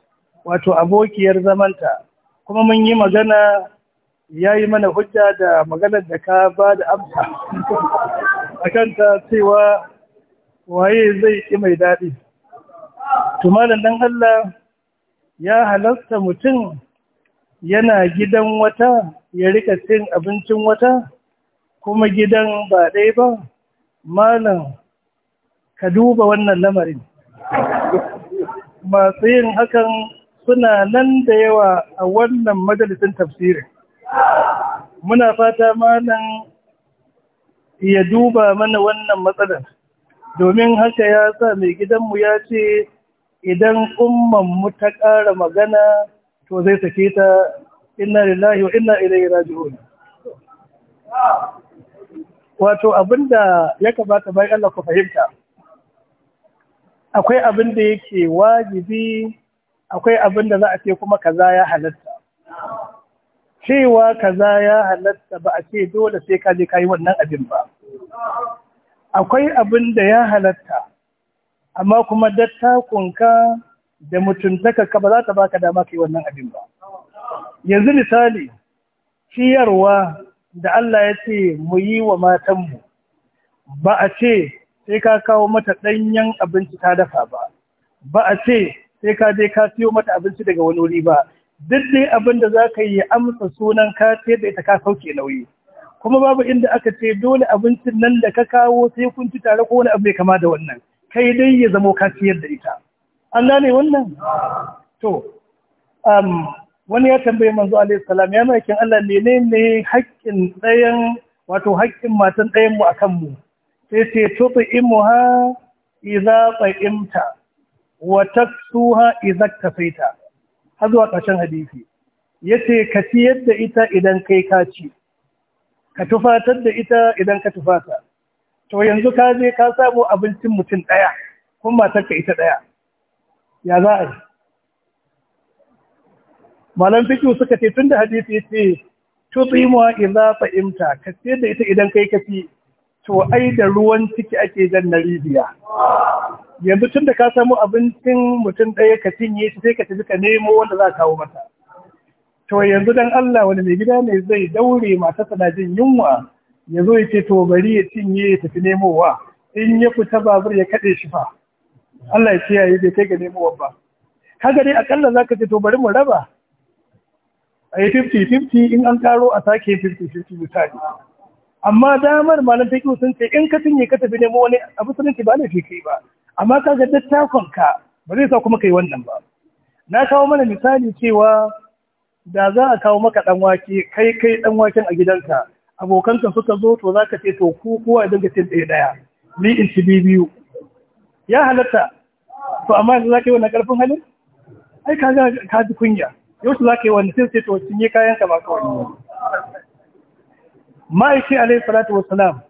wato abokiyar zamanta kuma mun yi magana ya yi mana hujja da maganar da ka ba da amsa a kanta cewa waye zai ƙi mai daɗi tumalin ɗan Allah ya halasta mutum yana gidan wata ya rika cin abincin wata kuma gidan ba ɗaya ba malam ka duba wannan lamarin masu yin hakan suna nan da yawa a wannan majalisin tafsirin muna fata malam ya duba mana wannan matsalar domin haka ya sa mai gidanmu ya ce idan mu ta ƙara magana to zai sake ta inna lillahi wa inna ilaihi raji'un wato abinda ya kamata bai Allah ku fahimta akwai abin da yake wajibi akwai abin za a ce kuma kaza ya halatta cewa kaza ya halatta ba a ce dole sai ka je kai wannan abin ba akwai abin da ya halatta amma kuma dattakunka da mutuntaka ka ba za ta baka dama ka yi wannan abin ba yanzu misali ciyarwa da Allah ya ce mu yi wa matanmu ba a ce sai ka kawo mata ɗanyen abinci ta dafa ba ba a ce sai ka je ka siyo mata abinci daga wani wuri ba duk dai abin da za ka yi amsa sunan ka ce da ita ka sauke nauyi kuma babu inda aka ce dole abincin nan da ka kawo sai kun ci tare ko wani abu mai kama da wannan kai dai ya zamo ka ciyar da ita an gane wannan to um, wani ya tambaye manzo alayhi salam ya maikin Allah ne haƙƙin ɗayan wato haƙƙin matan ɗayan mu akan mu sai ce imuha idza ta'imta wa taksuha idza kafaita har zuwa ƙarshen hadisi yace ka ciyar da ita idan kai ka ci ka tufatar da ita idan ka tufata to yanzu ka je ka samu abincin mutum ɗaya kuma matarka ita ɗaya ya za a yi malam fiki suka ce tun da hadisi ya ce to in za idza fahimta, ka ce da ita idan kai kafi to ai da ruwan ciki ake jan na rijiya yanzu tun da ka samu abincin mutum ɗaya ka cinye shi sai ka tafi ka nemo wanda za ka kawo mata to yanzu dan Allah wani mai gida ne zai daure matarsa na jin yunwa ya zo ya ce to bari ya cinye ya tafi nemowa in ya fita babur ya kaɗe shi fa Allah ya kiyaye bai kai ga nemo wabba kaga dai akalla zaka ce to bari mu raba a yi 50-50 in an karo a sake 50-50 misali amma damar malam take sun ce in ka tunye ka tafi nemo wani abu sun ce ba laifi kai ba amma kaga da dattakon ka ba zai sa kuma kai wannan ba na kawo mana misali cewa da za a kawo maka dan wake kai kai dan waken a gidanka abokanka suka zo to zaka ce to ku kowa idan ka ce ɗaya ɗaya ni in ci biyu ya halatta to amma yanzu za ka yi wannan ƙarfin halin ai ka ka ji kunya yau za ka yi wani sai to yi kayan ka ba kawai ma'aishi alaihi salatu salam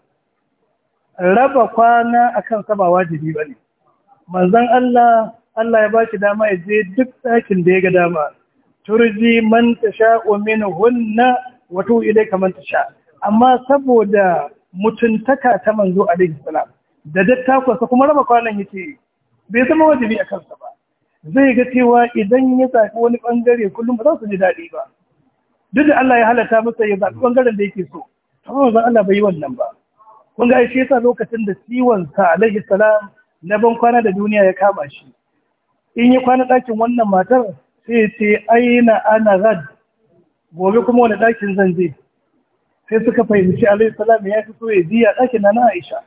raba kwana akan sa ba wajibi ne. manzon Allah Allah ya baki dama ya je duk ɗakin da ya ga dama turji man tasha'u hunna wato ilai kamar ta sha. amma saboda mutuntaka ta manzo alaihi salam da dattakonsa kuma raba kwanan yace bai zama wajibi a kansa ba zai ga cewa idan ya zaɓi wani ɓangare kullum ba za su ji daɗi ba duk da Allah ya halatta masa ya zaɓi ɓangaren da yake so amma ba Allah bai yi wannan ba kun ga shi yasa lokacin da ciwon sa alaihi salam na ban kwana da duniya ya kama shi in ya kwana ɗakin wannan matar sai ce aina ana rad gobe kuma wani ɗakin zan je sai suka fahimci alaihi salam ya fi so ya biya ɗakin na na Aisha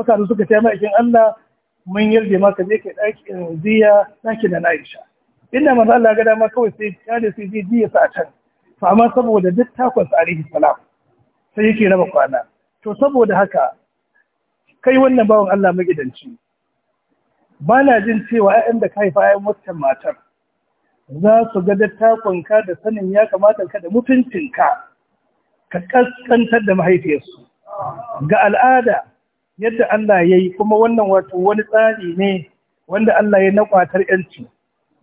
suka zo suka taimaka kin Allah mun yarda ma ka je ka ɗakin ziya eh, ɗakin da na Aisha inda manzo Allah ga dama kawai sai ya da sai ji ya sa can to amma saboda duk takwas alaihi salam sai yake raba kwana to saboda haka kai wannan bawan Allah magidanci ba na jin cewa ƴaƴan da ka haifa ƴaƴan waccan matar za su ga ka da sanin ya kamata ka da ka ka kaskantar da mahaifiyarsu ga al'ada yadda Allah ya yi kuma wannan wato wani tsari ne wanda Allah ya na kwatar ‘yanci.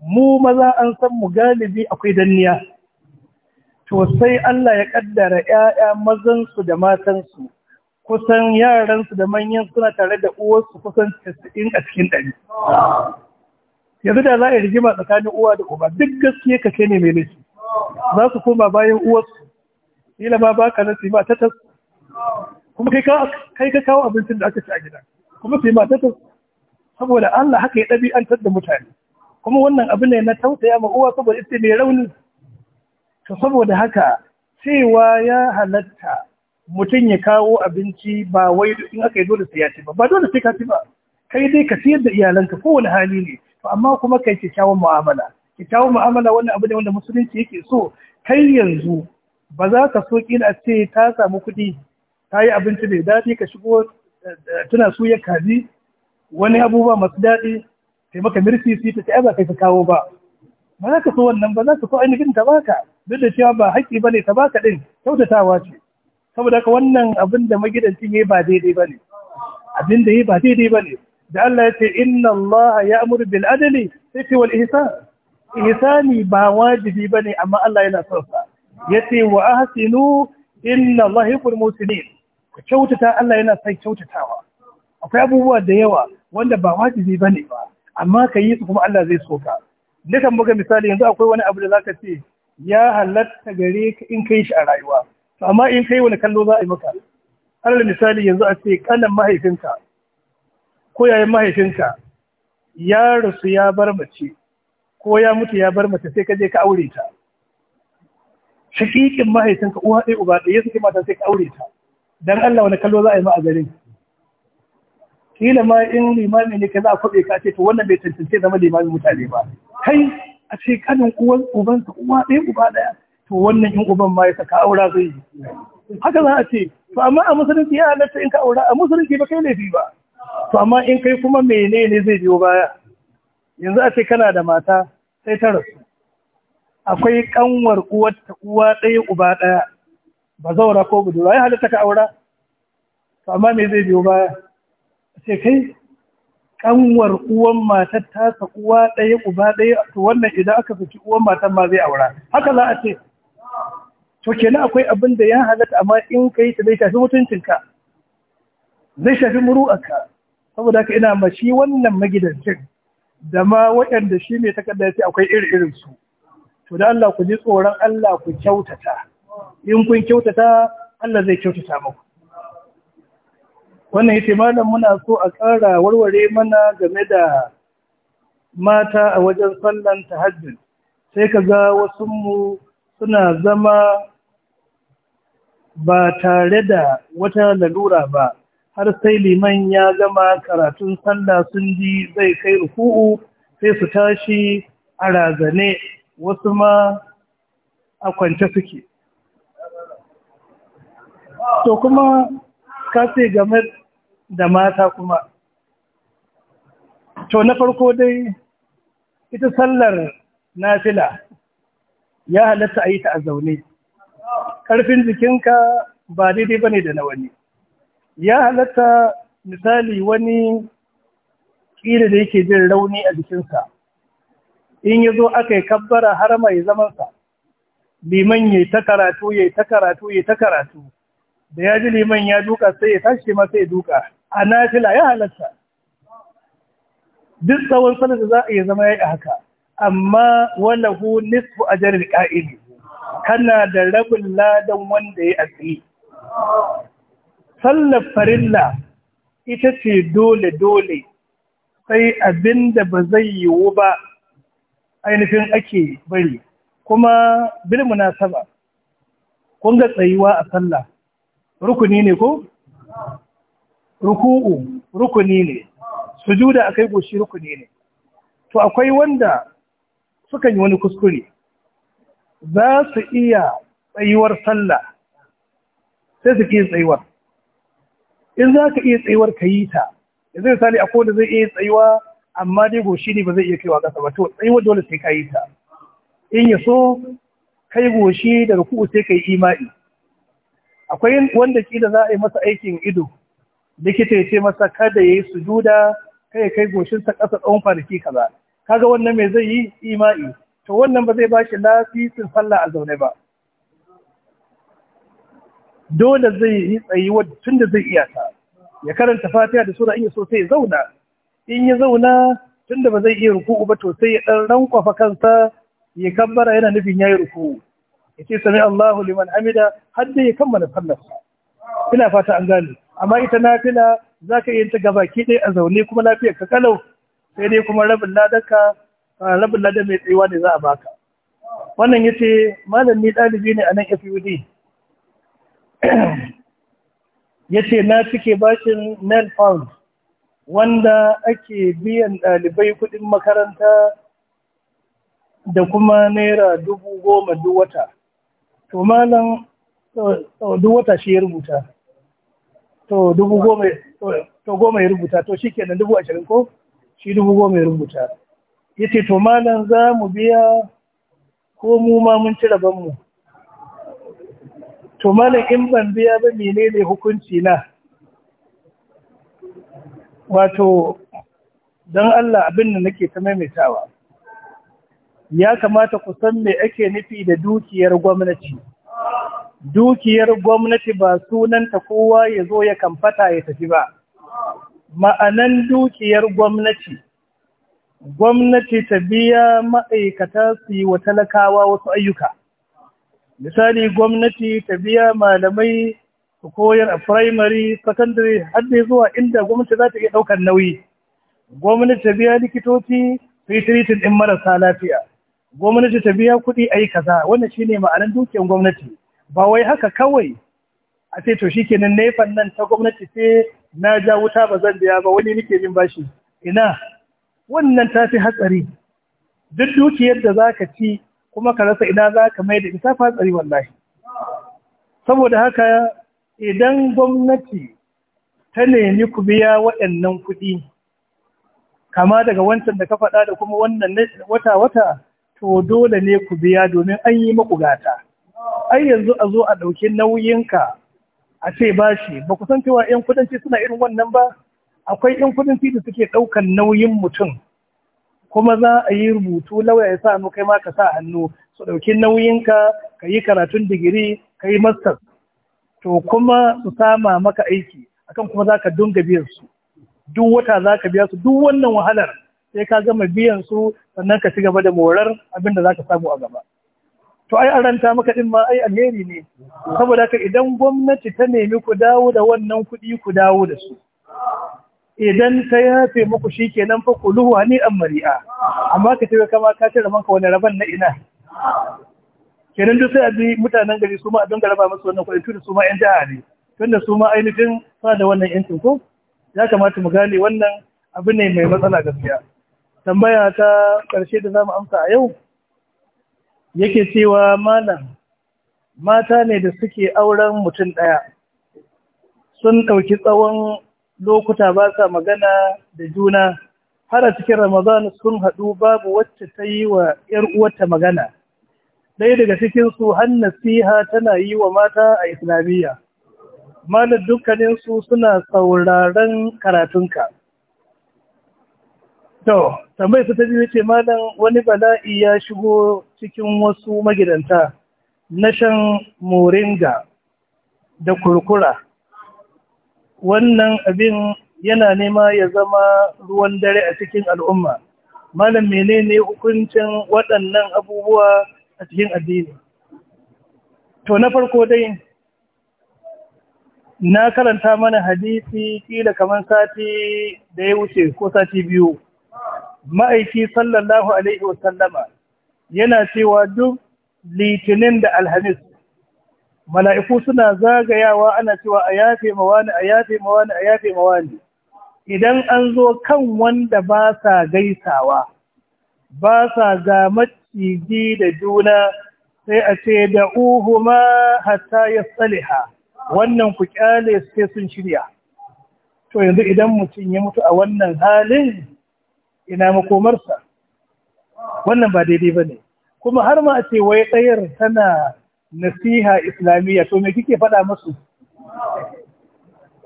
Mu maza an san mu galibi akwai danniya, to sai Allah ya ƙaddara ‘ya'ya mazansu da matansu, kusan yaransu da manyan suna tare da uwarsu kusan casa’in a cikin ɗari. Yanzu da za a yi rigima tsakanin uwa da uba duk gaskiya kake ne mai laifi. Za su koma bayan uwarsu, ila ma ba ka nasi ba ta kuma kai ka kawo abincin da aka ci a gida kuma sai mata ta saboda Allah haka ya ɗabi'antar da mutane kuma wannan abu ne na tausaya ma uwa saboda ita mai rauni to saboda haka cewa ya halatta mutum ya kawo abinci ba wai in aka yi dole sai ya ci ba ba dole sai ka ci ba kai dai ka siyar da iyalanka kowane hali ne to amma kuma kai kyakkyawan mu'amala kyakkyawan mu'amala wannan abu ne wanda musulunci yake so kai yanzu ba za ka so kila a ce ta samu kuɗi ta yi abinci mai daɗi ka shigo eh, tana suya kaji wani abubuwa masu daɗi sai maka mirfisi ta ce ba kai ka kawo ba ba za ka so wannan ba za ka so ainihin ta baka duk da cewa ba haƙƙi ba ne ta baka ɗin kyautatawa ce saboda haka wannan abin da magidancin ya yi ba daidai ba ne abin da ya yi ba daidai ba ne da Allah ya ce inna Allah ya amuru bil adali sai ce wal ihsan ihsani ba wajibi bane amma Allah yana son sa yace wa ahsinu inna Allah yuhibbul muhsinin ku kyautata Allah yana sai kyautatawa akwai abubuwa da yawa wanda ba wajibi bane ba amma ka yi su kuma Allah zai so ka dukan buga misali yanzu akwai wani abu da zaka ce ya halatta gare ka in kai shi a rayuwa amma in kai wani kallo za a yi maka alal misali yanzu a ce kanan mahaifinka ko yayin mahaifinka ya rasu ya bar mace ko ya mutu ya bar mace sai ka je ka aure ta shakikin mahaifinka uwa ɗaya uba ɗaya suke mata sai ka aure ta dan Allah wani kallo za a yi ma a garin kila ma in limami ne ka za a kwaɓe ka ce to wannan bai tantance zama limamin mutane ba kai a ce kanin uwan uban ka uwa ɗaya uba ɗaya to wannan in uban ma ya saka aura zai yi haka za a ce to amma a musulunci ya halatta in ka aura a musulunci ba kai laifi ba to amma in kai kuma menene zai biyo baya yanzu a ce kana da mata sai ta rasu akwai kanwar uwar ta uwa ɗaya uba ɗaya ba zaura ko budurwa ya halatta ka aura to amma me zai biyo baya sai kai kanwar uwan matar sa uwa ɗaya uba ɗaya to wannan idan aka fici uwan matar ma zai aura haka za a ce to kenan akwai abin da ya halatta amma in kai ta zai shafi mutuncinka zai shafi muru'arka saboda haka ina ma shi wannan magidancin da ma waɗanda shi ne takarda ya ce akwai iri irin su to da Allah ku ji tsoron Allah ku kyautata in kun kyautata Allah zai kyautata muku wannan yace malam muna so a ƙara warware mana game da mata a wajen sallan tahajjud sai kaga ga mu suna zama ba tare da wata lalura ba har sai liman ya gama karatun sallah sun ji zai kai ruku'u sai su tashi a razane wasu ma a kwance suke to kuma ka ce game da mata kuma to na farko dai ita sallar nafila ya halatta a yi ta a zaune ƙarfin jikinka ba daidai ba ne da na wani ya halatta misali wani ƙila da yake jin rauni a jikinsa in ya zo aka yi kabbara har mai zamansa liman ya ta karatu ya ta karatu ya ta karatu da ya ji liman ya duka sai ya tashi ma ya duka a nafila ya halatta duk tsawon sanar za a yi zama ya yi haka amma walahu nisfu ajarin ka'ili kana da rabin ladan wanda ya asiri sallar farilla ita ce dole-dole sai abin da ba zai yiwu ba ainihin ake bari kuma bilmuna saba Kunga ga tsayuwa a sallah rukuni ne ko ruku'u rukuni ne sujuda kai goshi rukuni ne to akwai wanda suka yi wani kuskure za su iya tsayuwar sallah sai su ke tsayuwar in za ka iya tsayuwar ka yi ta zai sani akwai da zai iya tsayuwa amma dai goshi ne ba zai iya kaiwa ƙasa ba to tsayuwar dole sai ka yi ta in ya so kai goshi da ruku'u sai ka yi imai akwai wanda kila za a yi masa aikin ido likita ya ce masa kada ya yi sujuda kai ya kai ta ƙasa tsawon kwanaki kaza kaga wannan mai zai yi ima'i to wannan ba zai bashi lafisin sallah a zaune ba dole zai yi tsayi tun da zai iya ta ya karanta fatiha da sura in ya so sai ya zauna in ya zauna tun da ba zai iya ruku'u ba to sai ya ɗan rankwafa kansa ya kabbara yana nufin ya yi ruku'u yace sami Allahu liman hamida har dai ya kammala sallar ina fata an gane amma ita nafila zaka yi ta gabaki dai a zaune kuma lafiyar ka kalau sai dai kuma rabin ladaka rabin ladan mai tsayuwa ne za a baka wannan yace malami dalibi ne a nan FUD yace na cike bashin nail pound wanda ake biyan ɗalibai kuɗin makaranta da kuma naira dubu goma duk wata to malam duk wata shi ya rubuta to dubu goma to goma ya rubuta to shi kenan dubu ashirin ko shi dubu goma ya rubuta yace to malam za mu biya ko mu ma mun ci mu. to malam in ban biya ba menene hukunci na wato don Allah abin da nake ta maimaitawa ya kamata ku san me ake nufi da dukiyar gwamnati dukiyar gwamnati ba sunanta kowa ya zo ya kamfata ya tafi ba ma'anan dukiyar gwamnati gwamnati ta biya ma'aikata su yi wa talakawa wasu ayyuka misali gwamnati ta biya malamai su koyar a firamare sakandare har da zuwa inda gwamnati za ta iya ɗaukar nauyi gwamnati ta biya likitoci su ɗin marasa lafiya gwamnati ta biya kuɗi a yi kaza wannan shine ma'anar dukiyar gwamnati ba wai haka kawai a ce to shikenan nefan nan ta gwamnati ce na ja wuta ba zan biya ba wani nake bin bashi ina wannan ta fi hatsari duk dukiyar da zaka ci kuma ka rasa ina za ka mai da ita fa hatsari wallahi saboda haka idan gwamnati ta nemi ku biya waɗannan kuɗi kama daga wancan da ka faɗa da kuma wannan wata-wata to dole ne ku biya domin an yi maku gata ai yanzu a zo a ɗauki nauyinka a ce bashi ba ku san cewa 'yan kudanci suna irin wannan ba akwai 'yan kudanci da suke ɗaukan nauyin mutum kuma za a yi rubutu lauya ya sa hannu kai ma ka sa hannu su ɗauki nauyinka ka yi karatun digiri ka yi masters to kuma su sama maka aiki akan kuma za ka dunga biyan su duk wata za ka biya su duk wannan wahalar sai ka gama biyan su sannan ka ci gaba da morar abin da za ka samu a gaba to ai an ranta maka din ma ai alheri ne saboda haka idan gwamnati ta nemi ku dawo da wannan kuɗi ku dawo da su idan ta yafe muku shi kenan nan ku luhuwa ni an mari'a amma ka tafi kama ka cire manka wani raban na ina kenan duk sai a bi mutanen gari su ma abin dinga raba wannan kuɗi da su ma 'yan jiha ne da su ma ainihin ba da wannan 'yancin ko ya kamata mu gane wannan abu ne mai matsala gaskiya tambaya ta ƙarshe da zamu amsa a yau yake cewa malam mata ne da suke auren mutum ɗaya sun ɗauki tsawon lokuta ba sa magana da juna har a cikin ramadan sun haɗu babu wacce ta yi wa ‘yar uwarta magana ɗaya daga cikinsu har nasiha tana yi wa mata a islamiyya malar dukkaninsu suna sauraron karatunka To, tambayar ta biyu ce malam wani bala'i ya shigo cikin wasu magidanta na shan moringa da kurkura. Wannan abin yana nema ya zama ruwan dare a cikin al'umma. Malam menene hukuncin waɗannan abubuwa a cikin addini. To, na farko dai, na karanta mana hadisi kila kamar sati da ya wuce ko sati biyu. ma'aiki sallallahu alaihi wasallama yana cewa duk litinin da alhamis mala'iku suna zagayawa ana cewa a yafe mawani a yafe mawani a yafe mawani idan an zo kan wanda ba sa gaisawa ba sa ga maciji da juna sai a ce da uhuma hatta ya tsaliha wannan ku kyale sai sun shirya to yanzu idan mutum ya mutu a wannan halin ina makomarsa wannan ba daidai ba ne kuma har ma a ce wai tsayar tana nasiha islamiyya to me kike faɗa masu?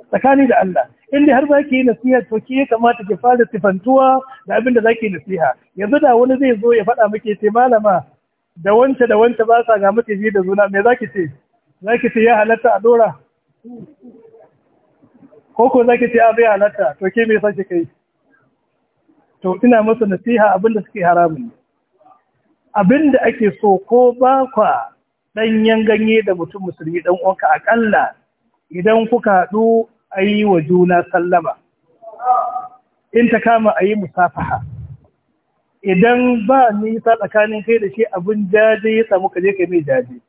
tsakani da Allah in har za ki yi nasiha to ki ya kamata ki fara tifantuwa da abin da za ki nasiha yanzu da wani zai zo ya faɗa muke ce malama da wance da wance ba sa ga ji da zuna me za ki ce za ki ce ya halatta a dora ko ko za ki ce a bai halatta to ke me sa ki kai to ina masa nasiha abinda suke haramun abinda ake so ko ba kwa ɗanyen ganye da mutum musulmi ɗan uwanka akalla idan kuka haɗu a yi wa juna sallama in ta kama a yi musafaha idan ba nisa tsakanin kai da shi abin jaje ya samu ka je kai mai jaje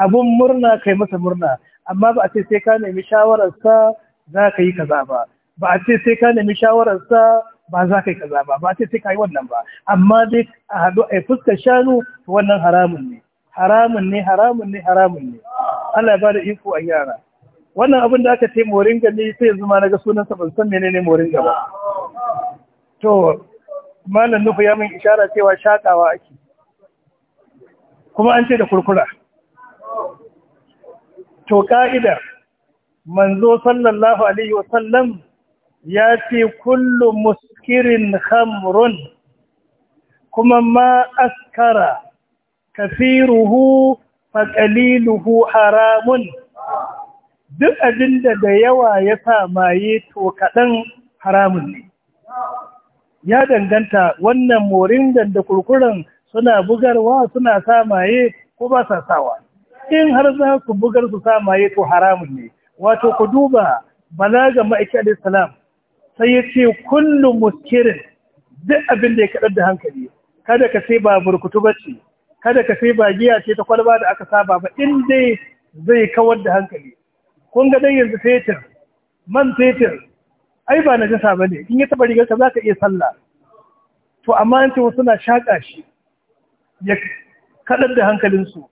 abin murna kai masa murna amma ba a ce sai ka nemi shawararsa za ka yi kaza ba ba a ce sai ka nemi shawararsa ba za ka yi kaza ba ba sai ka yi wannan ba amma dai a haɗu a fuskar shanu wannan haramun ne haramun ne haramun ne haramun ne Allah ba da iko a yara wannan abin da aka ce moringa ne sai yanzu ma naga sunan sa ban san menene moringa ba to malam nufu ya min ishara cewa shakawa ake kuma an ce da kurkura to ka'ida manzo sallallahu alaihi wasallam ya ce kullu muskirin Hamrun. kuma ma askara kafiruhu faƙaliluhu haramun duk abinda da yawa ya samaye to kaɗan haramun ne ya danganta wannan morin da kurkuren suna bugarwa suna samaye ko ba sa sawa in har za ku bugar su samaye to haramun ne wato ku duba bala ga alaihi salam sai ya ce kullum muskirin duk abin da ya kaɗar da hankali kada ka sai ba burkutu ba ce kada ka sai ba giya ce ta kwalba da aka saba ba in dai zai kawar da hankali kun ga dai yanzu fetir, man fetur ai ba na jisa ba ne in ya taɓa rigar ka za ka iya sallah to amma an ce wasu na shaƙa shi ya kaɗar da hankalinsu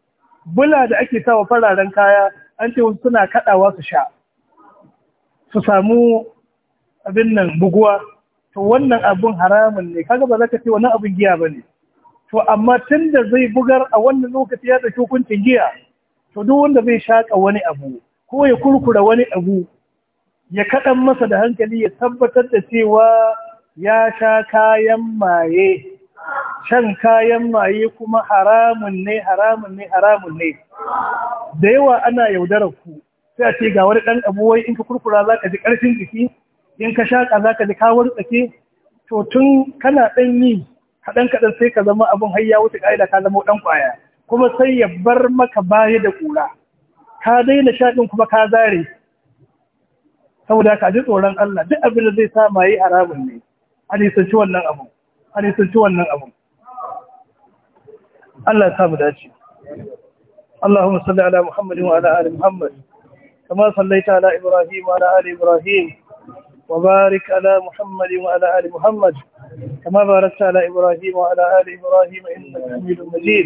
bula da ake sawa fararen kaya an ce wasu suna kaɗawa su sha su samu abin nan buguwa to wannan abun haramun ne kaga ba za ka ce wani abun giya ba ne to amma tun da zai bugar a wannan lokaci ya ɗauki hukuncin giya to duk wanda zai shaƙa wani abu ko ya kurkura wani abu ya kaɗan masa da hankali ya tabbatar da cewa ya sha kayan maye shan kayan maye kuma haramun ne haramun ne haramun ne da yawa ana yaudarar ku sai a ce ga wani ɗan abu wai in ka kurkura za ka ji ƙarfin jiki in ka shaƙa za ka ji kawar tsaki, to tun kana ɗan yi kaɗan kaɗan sai ka zama abin hayya wata wuce ƙa'ida ka zama ɗan ƙwaya kuma sai ya bar maka baya da ƙura ka daina shaɗin kuma ka zare saboda ka ji tsoron Allah duk abin da zai sa maye haramun ne a nisanci wannan abu a nisanci wannan abu Allah ya samu dace ala Muhammadin wa ala ali Muhammad kama sallaita ala Ibrahim wa ala ali Ibrahim. وبارك على محمد وعلى آل محمد كما باركت على إبراهيم وعلى آل إبراهيم إنك حميد مجيد